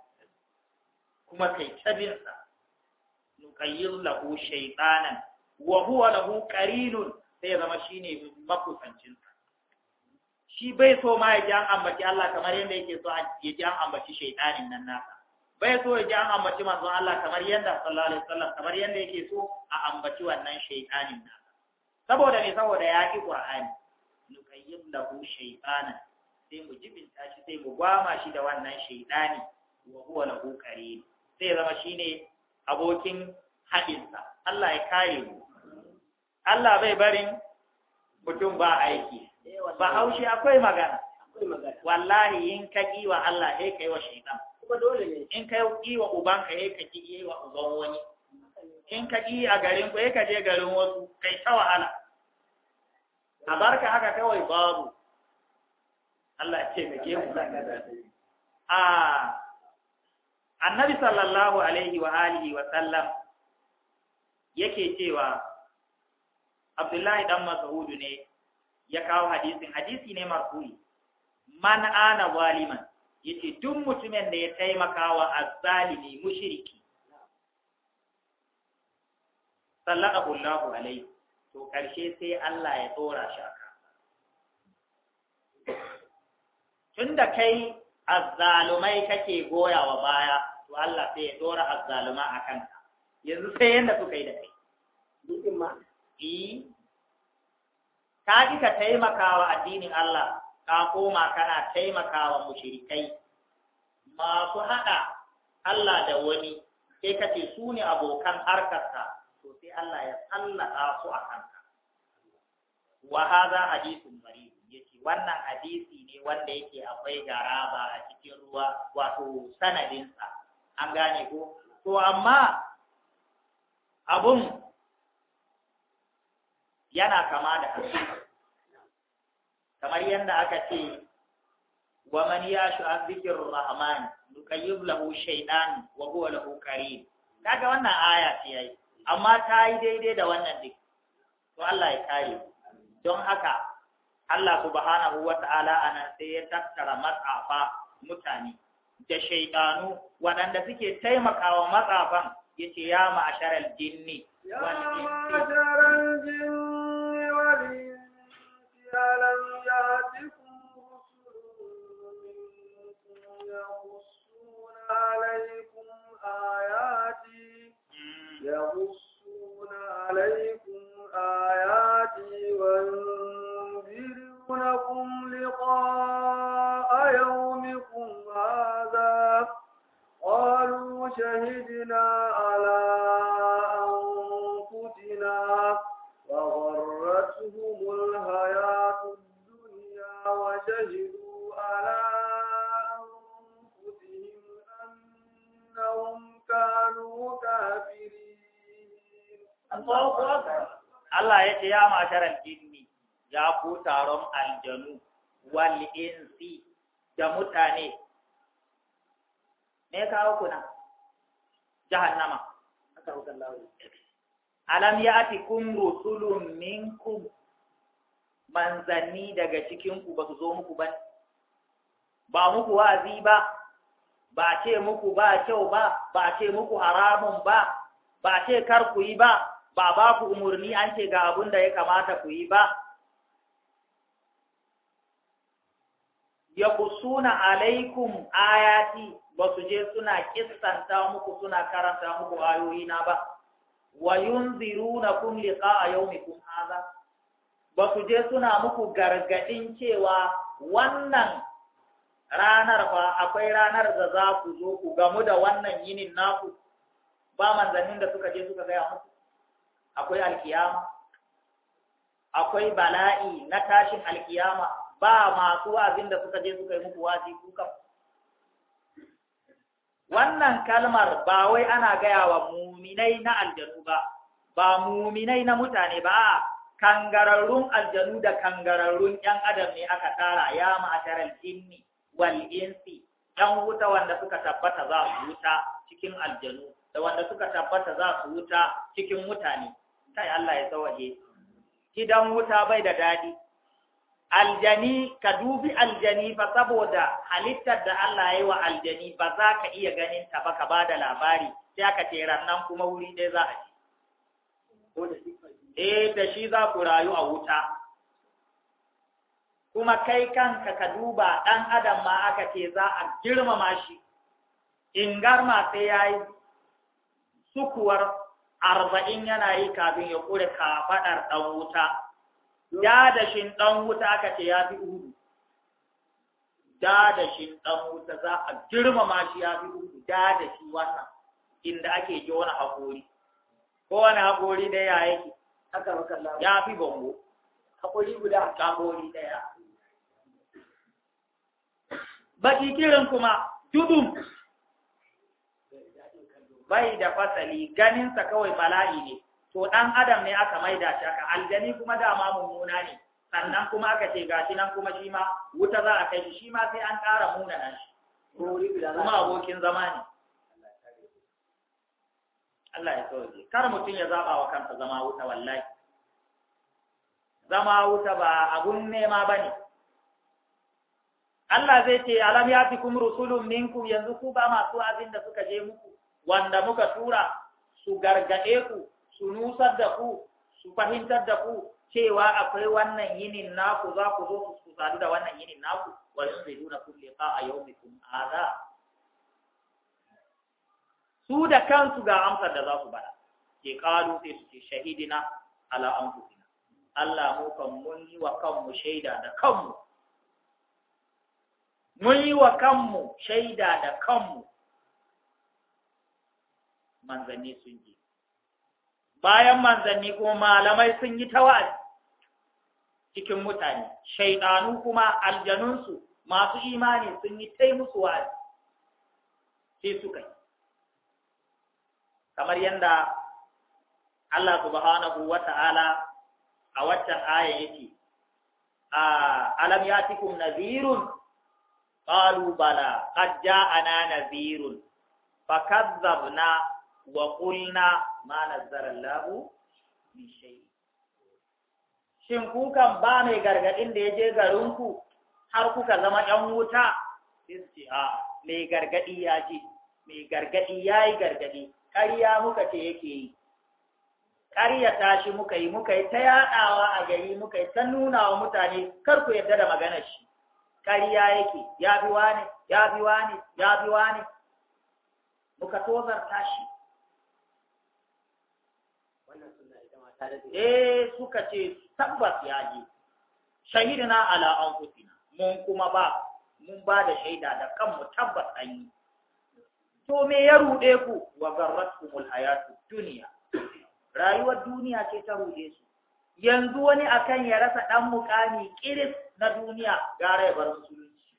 kuma kai tabin sa nuqayyir lahu shaytanan wa huwa lahu qarinun sai ya zama shine makusancin sa shi bai so ma ya ji an ambaci Allah kamar yadda yake so ya ji an ambaci shaytanin nan nasa bai so ya ji an ambaci manzon Allah kamar yadda sallallahu alaihi wasallam kamar yadda yake so a ambaci wannan shaytanin nasa saboda ne saboda ya ƙi ƙur'ani nuqayyim lagu shaytana sai mu jibinta shi sai mu gwama shi da wannan shaytani wa huwa lagu qarin sai zama shine abokin haɗinsa Allah ya kare mu Allah bai barin mutum ba aiki ba haushi akwai magana wallahi in ka kiwa Allah sai kai wa shaytan kuma dole ne in ka kiwa ubanka sai ka kiwa uban wani in ka ƙi a garin ku ka je garin wasu kai ta wahala a barka haka kawai babu Allah ce ka ke mu a annabi sallallahu alaihi wa alihi wa sallam yake cewa Abdullahi dan masahudu ne ya kawo hadisin hadisi ne marfu'i man ana zaliman yace duk mutumin da ya taimakawa azzalimi mushriki sallaqahu Allahu alaihi to karshe sai Allah ya tsora shi aka tunda kai azzalumai kake goya wa baya to Allah sai ya tsora azzaluma akan ka yanzu sai yanda suka yi da kai dukin e, ma ka ji ka taimakawa addinin Allah ka koma kana taimakawa mushrikai masu haɗa, Allah da wani sai kace su ne abokan harkarsa Allah ya tsallaka su a kanka wa hadha hadithun marid yace wannan hadisi ne wanda yake akwai garaba a cikin ruwa wato sanadin sa an gane ko to amma abun yana kama da hadisi kamar yadda aka ce wa man yashu an rahman nuqayyib lahu shaytan wa huwa lahu karim kaga wannan aya ce yayi amma ta yi daidai da wannan duk to Allah ya kare don haka Allah subhanahu wata'ala anan sai ya tattara matsafa mutane da shaidanu waɗanda suke taimakawa matsafan yace ya ma'asharal jinni ya ma'asharal jinni wal insi alam ya'tikum rusulun ya يقصون عليكم آياتي وينذرونكم لقاء يومكم هذا قالوا شهدنا Allah ya ce ya masharar jinni ya ku taron aljanu wal insi da mutane me kawo kuna jahannama alam ya kun rusulun minkum manzanni daga cikinku ba su zo muku ba ba muku wazi ba ba ce muku ba kyau ba ba ce muku haramun ba ba ce kar ku yi ba ba ba ku umarni an ce ga abin da ya kamata ku yi ba ya suna alaikum ayati ba su je suna kissanta muku suna karanta muku ayoyi na ba wa kun yunzirunakum liqa'a yawmikum haza. ba su je suna muku gargaɗin cewa wannan ranar ba akwai ranar da za ku zo ku gamu da wannan yinin naku ba manzannin da suka je suka gaya muku akwai alkiyama akwai bala'i na tashin alkiyama ba masu wazin da suka je suka yi muku wazi kuka wannan kalmar ba wai ana gaya wa muminai na aljanu ba ba muminai na mutane ba kangararrun aljanu da kangararrun yan adam ne aka tara ya ma'asharar jinni wal insi yan wuta wanda suka tabbata za su wuta cikin aljanu da wanda suka tabbata za su wuta cikin mutane kai Allah ya tsawaje wuta bai da dadi, aljani ka dubi aljani fa saboda halittar da Allah ya yi wa aljani ba za ka iya ganin ta ba ka ba da labari sai aka ce nan kuma wuri ɗaya za a ji eh da shi za ku rayu a wuta kuma kai kanka ka duba dan adam ma aka ce za a girmama shi in garma sai yayi sukuwar arba'in yana yi kafin ya kure kafaɗar ɗan wuta dadashin ɗan wuta aka ce ya fi da dadashin ɗan wuta za a girmama shi ya fi da shi wannan inda ake ji wani haƙori ko wani haƙori da ya yake ya fi bango haƙori guda haƙori ɗaya baki kiran kuma tudun. bai da fasali ganinsa kawai bala'i ne to ɗan adam ne aka maida shi aka aljani kuma dama mummuna ne sannan kuma aka ce gashi nan kuma shi ma wuta za a kai shi shi ma sai an ƙara muna nan shi kuma abokin zama ne Allah ya kar mutum ya zaba wa kansa zama wuta wallahi zama wuta ba abun nema bane Allah zai ce alam yatikum rusulun minkum yanzu ku ba masu abin da suka je muku wanda muka tura su gargaɗe ku su nusar da ku su fahimtar da ku cewa akwai wannan yinin naku za ku zo su sadu da wannan yinin naku wa yunziluna a yau yawmikum aza? su da kansu ga amsar da za su bada ke kalu sai su ce shahidina ala anfusina Allah mu kan mun yi wa kanmu shaida da kanmu mun yi wa kanmu shaida da kanmu manzanni sun yi bayan manzanni kuma malamai sun yi tawali cikin mutane shaidanu kuma aljanunsu masu imani sun yi tai musu wa'azi sai suka yi kamar yadda Allah subhanahu wa ta'ala a waccan aya yake alam yatikum nadhirun qalu bala qad ja'ana nadhirun fakadzabna wa ƙulna ma nazzara labu shin kukan ba mai gargaɗin da ya garin ku har kuka zama yan wuta sai a mai gargaɗi ya ce mai ya yi gargaɗi? ƙarya muka ce yake yi Ƙarya tashi muka yi muka yi ta yaɗawa a gari muka yi ta nuna wa mutane kar ku yarda da maganar shi ƙarya yake ya bi wani ya bi wani ya bi wani muka tozarta shi eh suka ce tabbas ya ji shahidina ala anfusina mun kuma ba mun ba da shaida da kanmu tabbas an yi to me ya rude ku wa garratkumul hayatu dunya rayuwar duniya ce ta rude su yanzu wani akan ya rasa dan mukami kiris na duniya gara ya bar musulunci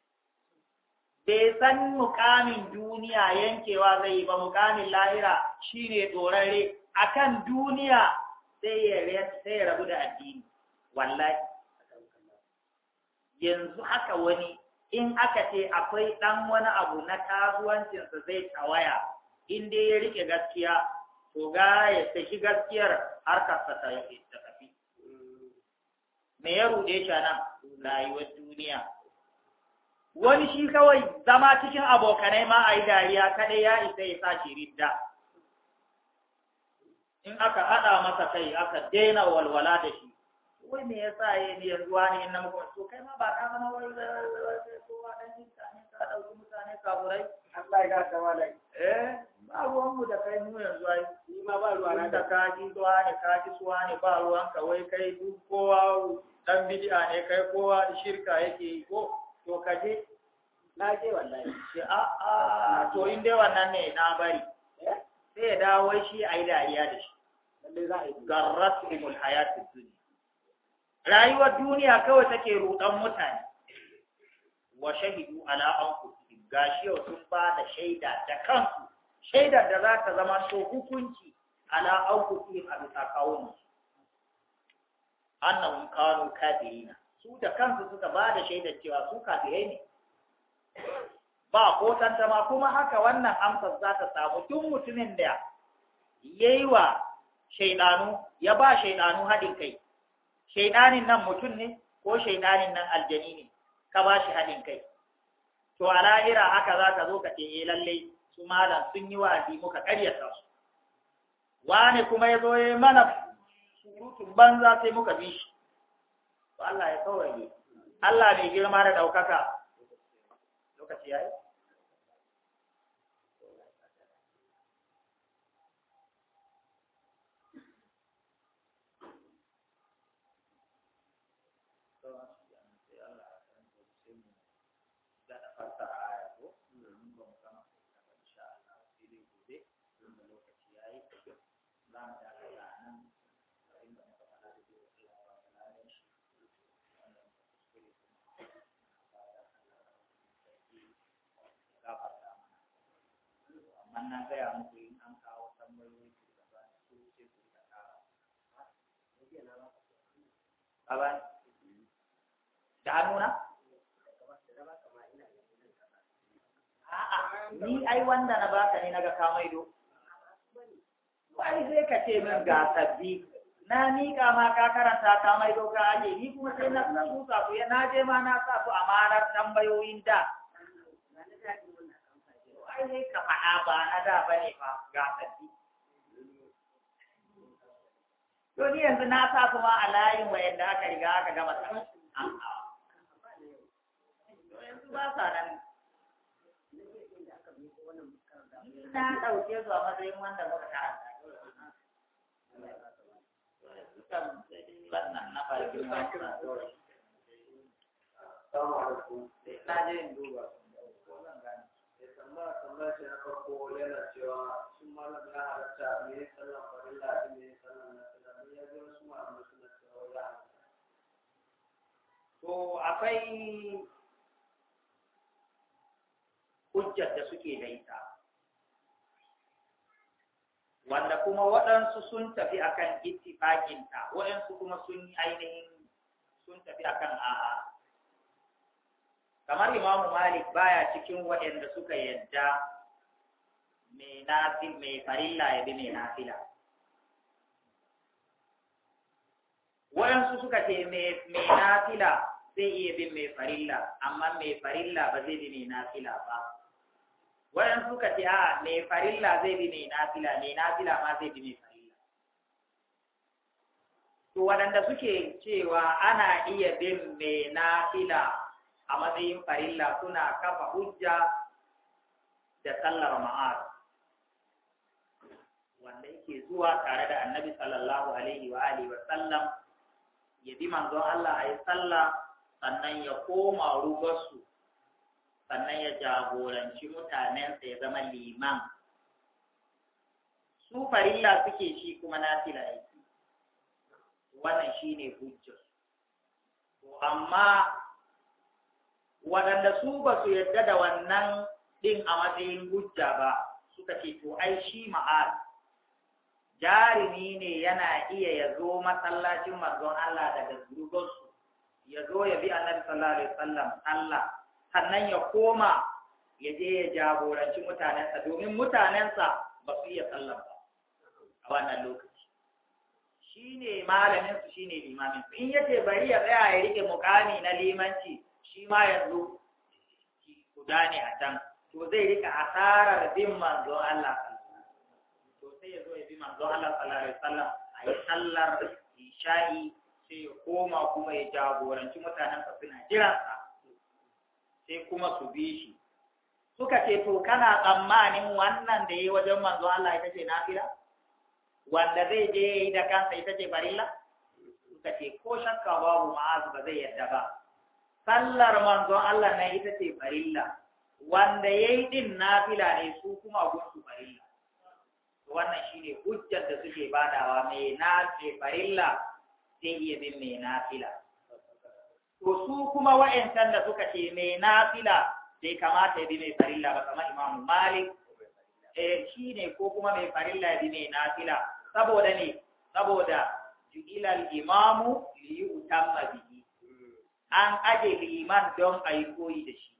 bai san mukamin duniya yankewa zai yi ba mukamin lahira shine dorare akan duniya sai ya rabu da addini wallahi yanzu haka wani in aka ce akwai ɗan wani abu na kasuwancinsa zai tawaya in dai ya rike gaskiya to ga ya tashi gaskiyar harkarsa ta tafi me ya rude shi nan rayuwar duniya wani shi kawai zama cikin abokanai ma a yi dariya kaɗai ya isa ya sa shi ridda in aka haɗa masa kai aka daina walwala da shi wai me yasa ya yi yanzu wani ne na muku to kai ma ba ka zama wai kowa dan mutane ka ɗauki mutane kaburai Allah ya ga malai eh ba ruwan mu da kai mu yanzu ai ni ma ba ruwa na da ka ji zuwa ne ka ji suwa ne ba ruwan ka wai kai duk kowa dan bid'a ne kai kowa shirka yake yi ko to ka je na je wallahi ce a a to inda wannan ne na bari eh? sai ya dawo shi ayi dariya da shi garrat dunya rayuwar duniya kawai take rudan mutane wa shahidu ala anfusihim gashi yau sun ba da shaida da kansu shaida da za ta zama so hukunci ala anfusihim a bisa kawun annahum kanu kafirina su da kansu suka ba da shaidar cewa su kafirai ne ba ko tantama kuma haka wannan amsar za ta samu duk mutumin da yayi wa shaidanu ya ba shaidanu haɗin kai shaidanin nan mutum ne ko shaidanin nan aljani ne ka ba shi haɗin kai to a haka za ka zo ka ce eh lalle su malam sun yi wa'azi muka karyata su wani kuma ya zo ya mana surutun banza sai muka bi shi to Allah ya kawai Allah mai girma da ɗaukaka lokaci ya an na gaya muku in an kawo tambayoyi ku da ba su ce ku da kara a ba da hannuna a'a ni ai wanda na baka ne naga ka maido wai zai ka ce min ga sabbi na miƙa ma ka karanta ka mai doka aje ni kuma sai na kusa ku ya na je ma na sa ku amanar tambayoyin da Wai sai ka ma'ana ba na da ba ne ba ga sabbi to ni yanzu na sa kuma a layin wayanda aka riga aka gama ta an to yanzu ba sa nan na ɗauke zuwa matsayin wanda muka karanta wannan na farkin na je a tambaya ce na farko yana cewa shin malam ya halatta me ya sallan farilla da me ya sallan nafila me ya ga wasu malamai suna cewa ya to akwai hujjar da suke da ita wanda kuma waɗansu sun tafi akan ittifaqinta waɗansu kuma sun yi ainihin sun tafi akan a'a kamar imamu malik baya cikin waɗanda suka yadda mai farilla ya bi mai nafila waɗansu suka ce mai nafila zai iya bin mai farilla amma mai farilla ba zai bi mai nafila ba waɗansu suka ce a mai farilla zai bi mai nafila mai nafila ma zai bi mai farilla to waɗanda suke cewa ana iya bin mai nafila a matsayin farilla suna kafa hujja da sallar maar wanda yake zuwa tare da annabi sallallahu alaihi wa alihi wa sallam ya bi manzon Allah ayi sallah sannan ya koma rugarsu sannan ya jagoranci mutanensa ya zama liman su farilla suke shi kuma na yake wannan shine hujja to amma waɗanda su ba su yadda da wannan ɗin a matsayin hujja ba suka ce to ai shi ma'al jarumi ne yana iya ya zo masallacin manzon Allah daga zurgonsu ya zo ya bi annabi sallallahu alaihi wasallam Allah sannan ya koma ya je ya jagoranci mutanensa domin mutanensa ba su iya sallan ba a wannan lokaci shi ne malaminsu shi ne limaminsu in ce bari ya tsaya ya riƙe mukami na limanci shi ma yanzu guda ne a can to zai rika asarar bin manzo Allah to sai ya zo ya bi manzo Allah sallallahu alaihi wasallam a yi sallar isha'i sai ya koma kuma ya jagoranci mutanen sa suna jiransa sai kuma su bi shi suka ce to kana tsammanin wannan da yayi wajen manzo Allah ita ce nafila wanda zai je yayi da kansa ita ce farilla suka ce ko shakka babu ma'azu ba zai yadda ba sallar manzon Allah ne ita ce farilla wanda ya yi din nafila ne su kuma gunsu farilla wannan shine hujjar da suke badawa mai nafi farilla zai iya bin mai nafila to su kuma wa'ancan da suka ce mai nafila bai kamata ya bi mai farilla ba kamar Imam Malik eh shine ko kuma mai farilla ya bi mai nafila saboda ne saboda ju'ila imamu li yutamma bi an aje liman don a yi koyi da shi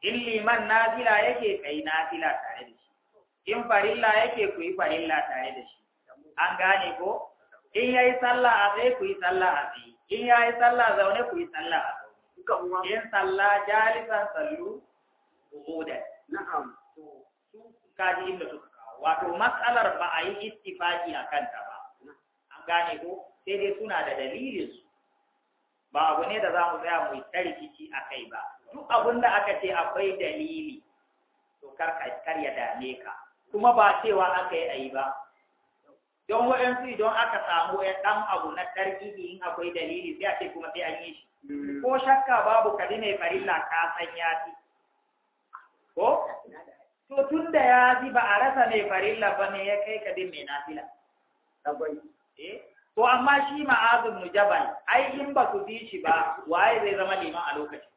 in liman nafila yake kai nafila tare da shi in farilla yake ku yi farilla tare da shi an gane ko in yayi sallah a tsaye ku yi sallah a tsaye in yayi sallah zaune ku yi sallah a zaune in sallah jalisan sallu uqudan na'am to su kaji inda suka kawo wato matsalar ba a yi ittifaqi akan ta ba an gane ko sai dai suna da dalilin su ba abu ne da za mu tsaya mu yi ta a kai ba duk abin da aka ce akwai dalili to kar ya dame ka kuma ba cewa aka yi a yi ba don waɗansu don aka samu ya ɗan abu na tarihi in akwai dalili sai a ce kuma sai an yi shi mm. ko shakka babu kadi mai farilla ka san ya ci ko to tun da ya ji ba a rasa mai farilla ba ne ya kai kadi mai nafila eh To amma shi ma'azin mujabal, ai in ba ku bi shi ba, waye zai zama liman a lokacin?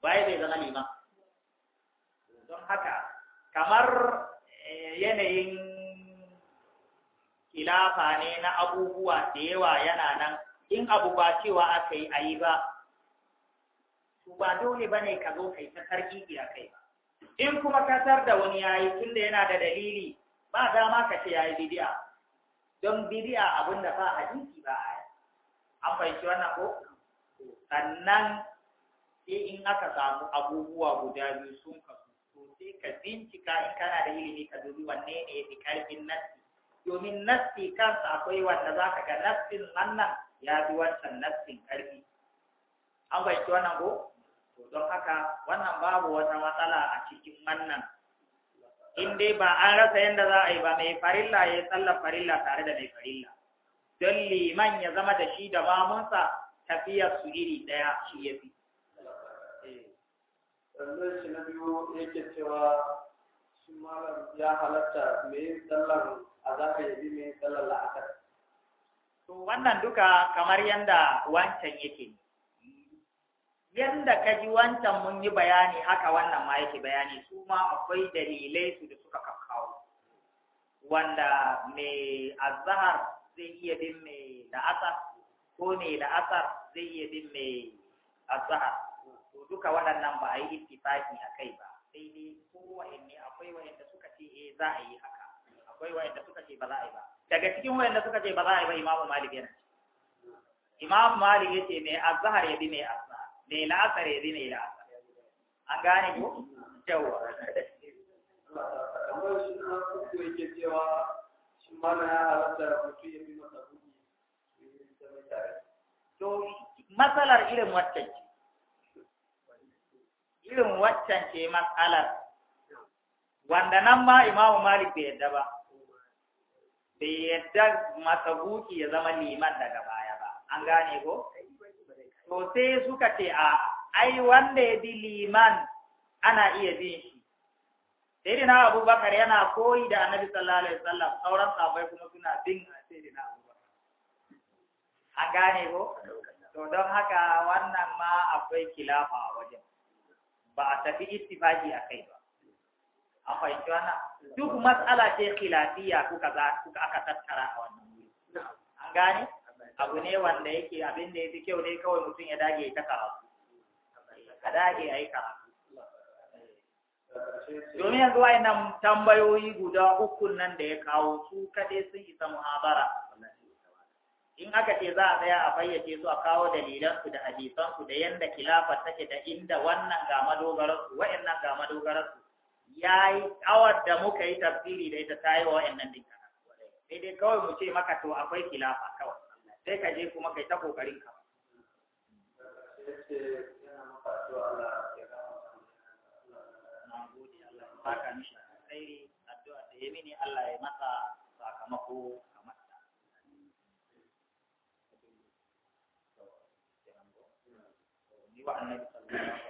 Waye zai zama liman? Don haka, kamar eh, yanayin kilafa ne na abubuwa da yawa yana nan, in abu ba cewa aka yi ayi ba, ba dole ba ne ka zo kai ta sarki a kai ba. In kuma kasar da wani yayi tunda yana da dalili, ba dama ka ce yayi bidiya. don bidiya abin da ba hadisi ba a an fahimci wannan ko sannan sai in aka samu abubuwa guda biyu sun kasu to sai ka bincika in kana da ilimi ka dubi wanne ne fi karfin nassi domin nassi kansa akwai wanda za ka ga nassin wannan ya fi wancan nassin karfi an fahimci wannan ko don haka wannan babu wata matsala a cikin wannan Indi ba an rasa yadda za a yi ba mai farilla ya tsalla farilla tare da mai farilla don liman ya zama da shi da mamunsa tafiya su iri daya shi ya fi eh, shi na biyu cewa shi malam ya halatta mai tsallar a za ka yabi mai tsallar la'akar to wannan duka kamar yadda wancan yake ne yanda ka ji wancan mun yi bayani haka wannan ma yake bayani su ma akwai dalilai su da suka kakkawo wanda mai azahar zai iya bin mai la'asar ko mai la'asar zai iya bin mai azahar to duka waɗannan ba a yi ittifaki a kai ba sai dai ko wa'anne akwai wa'anda suka ce eh za a yi haka akwai wa'anda suka ce ba za a yi ba daga cikin wa'anda suka ce ba za a yi ba imamu malik yana imamu malik ya ce mai azahar ya bi mai azahar mai la'asar ya zina an gane ko yawa kamar shi na yake cewa shi irin irin waccan ce matsalar wanda nan ma imamu malik bai yadda ba bai yadda masabuki ya zama liman daga baya ba an gane ko to sai suka ce a ai wanda ya bi liman ana iya bin shi sayyidina abubakar yana koyi da annabi sallallahu alaihi wasallam sauran sahabbai kuma suna bin sayyidina abubakar an gane ko to don haka wannan ma akwai kilafa a wajen ba a tafi ittifaki a kai ba a fahimci duk matsala ce kilafiya kuka za kuka aka tattara a wannan wuri an gane abu ne wanda yake abin da ya fi kyau ne kawai mutum ya dage ta karatu ka dage a yi karatu domin yanzu nan tambayoyi guda uku nan da ya kawo su kaɗai sun isa muhabara in aka ce za a tsaya a fayyace su a kawo dalilansu da hadisansu da yanda kilafar take da inda wannan ga madogararsu wa'annan ga madogararsu ya yi awar da muka yi tafsiri da ita ta yi wa wa'annan dinka sai dai kawai mu ce maka to akwai kilafa kawai sai ka je kuma kai ta kokarin ka saka mishi addu'a da ya mini Allah ya sakamako ta annabi